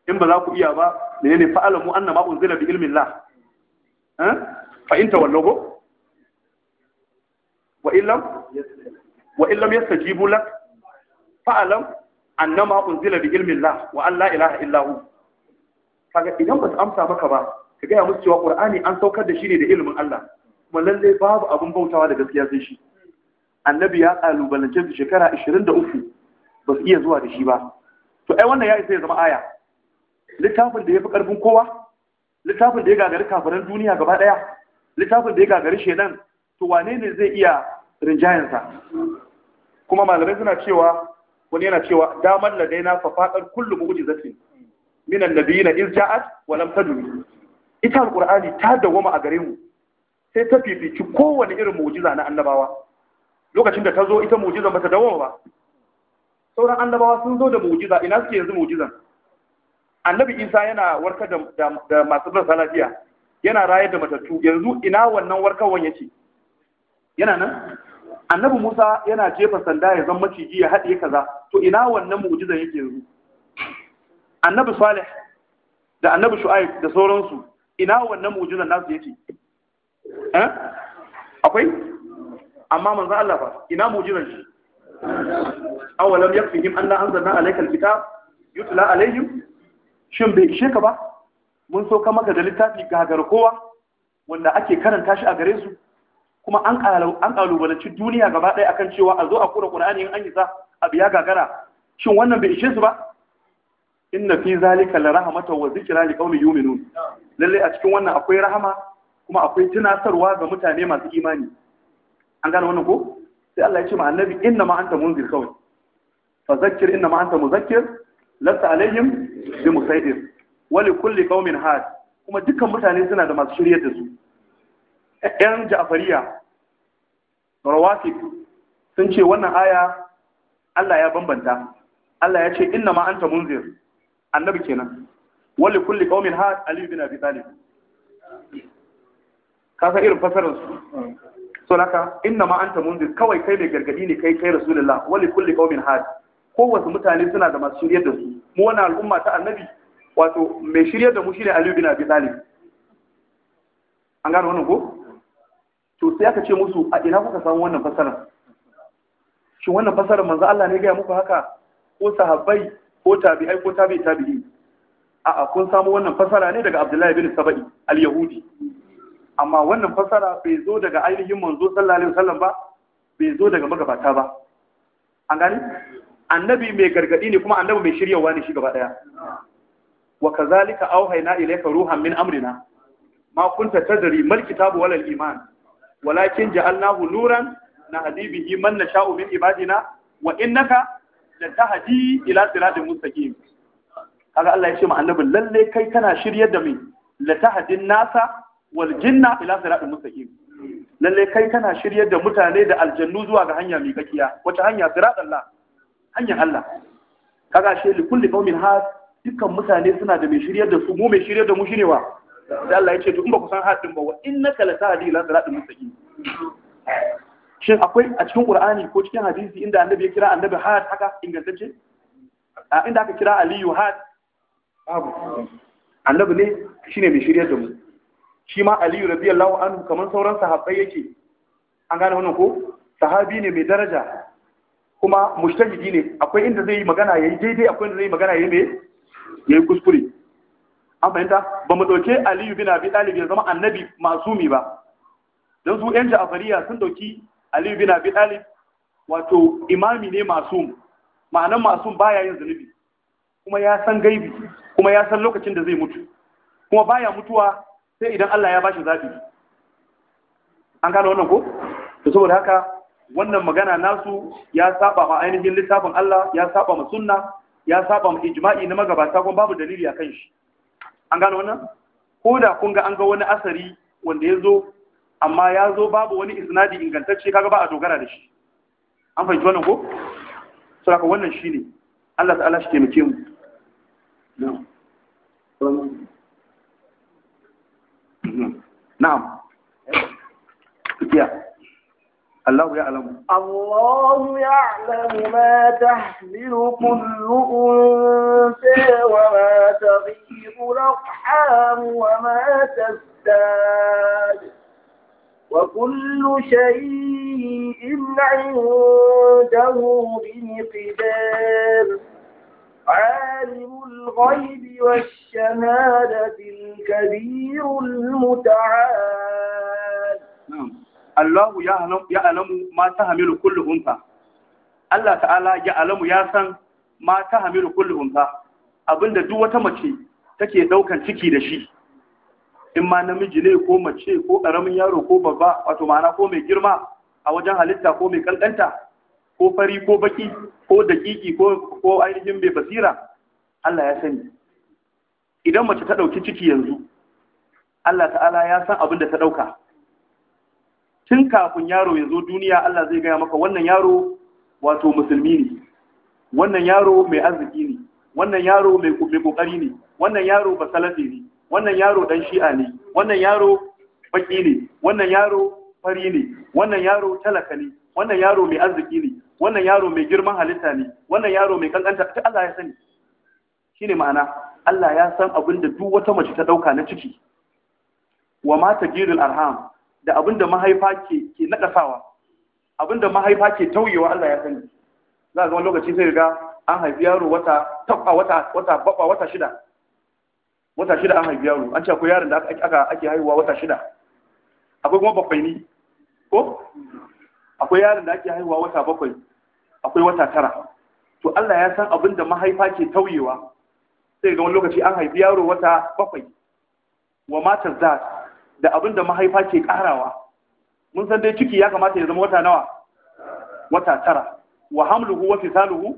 in ba za ku iya ba menene fa'alamu annama unzila bi Ilmin La? Eh? fa in tawallahu wa illam wa illam yastajibu lak fa'alam annama unzila bi ilmi Allah wa an ilaha illa hu kaga idan ba amsa maka ba ka gaya musu cewa qur'ani an saukar da shi ne da ilimin Allah kuma lalle babu abin bautawa da gaskiya sai shi annabi ya kalubalance su shekara 23 ba su iya zuwa da shi ba to ai wannan ya isa ya zama aya littafin da ya fi karfin kowa littafin da ya gagari kafiran duniya gaba daya littafin da ya gagari shedan to wane ne zai iya rinjayensa kuma malamai suna cewa wani yana cewa damar na ladaina kullum fadar zafi Minan na biyu na ja'at wa lam tadri ita alƙur'ani ta dawama a gare mu sai ta fifici kowane irin mu'jiza na annabawa lokacin da ta zo ita mu'jizan ba ta dawama ba sauran annabawa sun zo da mu'jiza ina suke yanzu mu'jizan annabi isa yana warkar da masu bin lafiya yana rayar da matattu yanzu ina wannan warkarwan yake yana nan annabi Musa yana jefa sanda ya zama maciji ya haɗe kaza to ina wannan mu'jizan yake yanzu annabi Salih da annabi Shu'aib da sauransu ina wannan mu'jizan nasu yake eh akwai amma manzo Allah fa ina mu'jizan shi awalam yakfihim anna anzalna alayka alkitab yutla alayhim shin bai ishe ka ba mun so ka maka da littafi gagar kowa wanda ake karanta shi a gare su kuma an kalubalanci duniya gaba ɗaya akan cewa a zo a kura ƙur'ani in an yi sa a biya gagara shin wannan bai ishe su ba inna fi zalika la rahmata wa zikra li qaumi yu'minun lalle a cikin wannan akwai rahama kuma akwai tunasarwa ga mutane masu imani an gane wannan ko sai Allah ya ce ma annabi inna ma anta munzir kawai fa zakkir inna ma anta muzakkir lasta alaihim bi musaidir wa li kulli qaumin had kuma dukkan mutane suna da masu shiryar da su yan jaafariya rawatib sun ce wannan aya Allah ya bambanta Allah ya ce inna ma anta munzir annabi kenan wali kulli qaumin ha ali bin abi talib ka san irin fasarar su so naka inna ma anta munzir kawai kai mai gargadi ne kai kai rasulullah wali kulli qaumin ko wasu mutane suna da masu shiryar da su mu wani al'umma ta annabi wato mai shiryar da mu shine ali bin abi talib an gano wannan ko to sai aka ce musu a ina kuka samu wannan fasarar shin wannan fasarar manzo Allah ne ya gaya muku haka ko sahabbai ko tabi'ai ko tabi'i tabi'i a'a kun samu wannan fasara ne daga Abdullahi bin Saba'i al-Yahudi amma wannan fasara bai zo daga ainihin manzo sallallahu alaihi wasallam ba bai zo daga magabata ba an gani annabi mai gargadi ne kuma annabi mai shiryawa ne shi gaba daya wa kazalika auhayna ilayka ruhan min amrina ma kunta tadri mal kitabu wal iman walakin ja'alnahu nuran nahdi bihi man nasha'u min ibadina wa innaka latahdi ila siratin mustaqim kaga Allah ya ce ma annabi lalle kai kana shiryar da mai latahdin nasa wal jinna ila lalle kai kana shiryar da mutane da aljannu zuwa ga hanya mai kakiya wata hanya sirat Allah hanyar Allah kaga shi li kulli qaumin has dukkan mutane suna da mai shiryar da su mu mai shiryar da mu shirewa da Allah ya ce to in ba ku san haɗin ba wa innaka la tahdi ila siratin mustaqim shin akwai a cikin qur'ani ko cikin hadisi inda annabi ya kira annabi had haka ingantacce a inda aka kira aliyu had babu annabi ne shine mai shirya da mu shi ma aliyu radiyallahu anhu kamar sauran sahabbai yake an gane wannan ko sahabi ne mai daraja kuma mujtahidi ne akwai inda zai yi magana yayi daidai akwai inda zai yi magana yayi me yayi kuskure an fahimta ba mu ɗauke aliyu bin abi Ɗalibi ya zama annabi masumi ba don su yan ja'afariya sun ɗauki aliyu bin abi Ɗalibi. wato imami ne masu ma'anan masum baya yin zunubi kuma ya san gaibi kuma ya san lokacin da zai mutu kuma baya mutuwa sai idan Allah ya bashi zafi. an gane wannan ko to saboda haka wannan magana nasu ya saba ma ainihin littafin Allah ya saba ma sunna ya saba ma ijma'i na magabata kuma babu dalili akan shi an gano wannan ko da kun ga an ga wani asari wanda ya zo amma ya zo babu wani isnadi ingantacce kaga ba a dogara da shi an fahimci wannan ko saboda wannan shine Allah ta'ala shi taimake mu na'am na'am tafiya الله يعلم الله يعلم ما تحمل كل أنثى وما تغيب الأرحام وما تزداد وكل شيء عنده بمقدار عالم الغيب والشهادة الكبير المتعال Allahu ya alamu ma ta hamilu kullu unta. Allah ta'ala ya alamu ya san ma ta hamilu kullu unsa abinda duk wata mace take daukan ciki da shi in ma namiji ne ko mace ko ƙaramin yaro ko babba wato ma'ana ko mai girma a wajen halitta ko mai ƙanƙanta, ko fari ko baki ko dakiki ko ainihin mai basira Allah ya sani idan mace ta ɗauki ciki yanzu Allah ta'ala ya san abin da ta ɗauka. tun kafin yaro ya zo duniya Allah zai gaya maka wannan yaro wato musulmi ne wannan yaro mai arziki ne wannan yaro mai kokari ne wannan yaro basalafi ne wannan yaro dan shi'a ne wannan yaro baki ne wannan yaro fari ne wannan yaro talaka ne wannan yaro mai arziki ne wannan yaro mai girman halitta ne wannan yaro mai kankanta ta Allah ya sani shine ma'ana Allah ya san abin da duk wata mace ta dauka na ciki wa ma tajirul arham da abin da mahaifa ke ke nakasawa abin da mahaifa ke tauyewa Allah ya sani za a ga wani lokaci sai ga an haifi yaro wata takwa wata wata bakwa wata shida wata shida an haifi yaro an ce akwai yaron da aka ake haihuwa wata shida akwai kuma bakwai ni ko akwai yaron da ake haihuwa wata bakwai akwai wata tara to Allah ya san abin da mahaifa ke tauyewa sai ga wani lokaci an haifi yaro wata bakwai wa matar zata da abin da mahaifa ke karawa mun san dai ciki ya kamata ya zama wata nawa wata tara wa hamluhu wa fisaluhu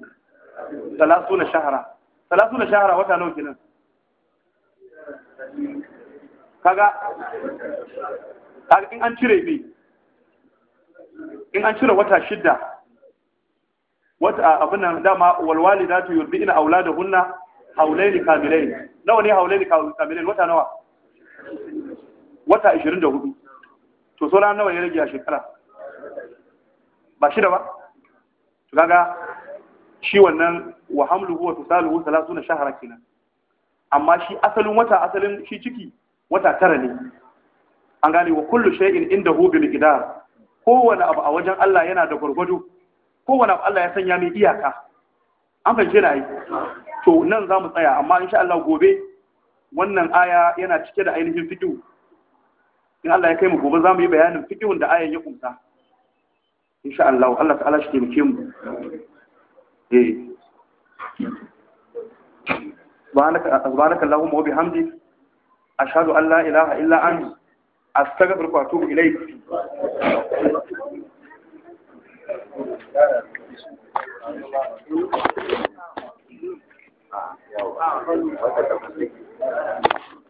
talasuna shahara talasuna shahara wata nawa kenan kaga kaga in an cire ne in an cire wata shidda wata abin nan dama walidatu yurbina auladuhunna haulaini kamilain nawa ne haulaini kamilain wata nawa wata 24 to saura nawa ya rage a shekara ba shida ba to kaga shi wannan wa hamluhu wa fisaluhu 30 shahara kenan amma shi asalin wata asalin shi ciki wata tara ne an gane wa kullu shay'in indahu bil qidar kowane abu a wajen Allah yana da gurgudu kowane abu Allah ya sanya mai iyaka an fahimce na yi to nan za mu tsaya amma insha Allah gobe wannan aya yana cike da ainihin fito. in Allah ya kai mu gobe za mu yi bayanin fiƙihun da ayan ya kumsa insha Allah Allah ta'ala shi taimake mu eh subhanaka allahumma wa bihamdi ashhadu an la ilaha illa anta astaghfiruka wa atubu ilayk Ah,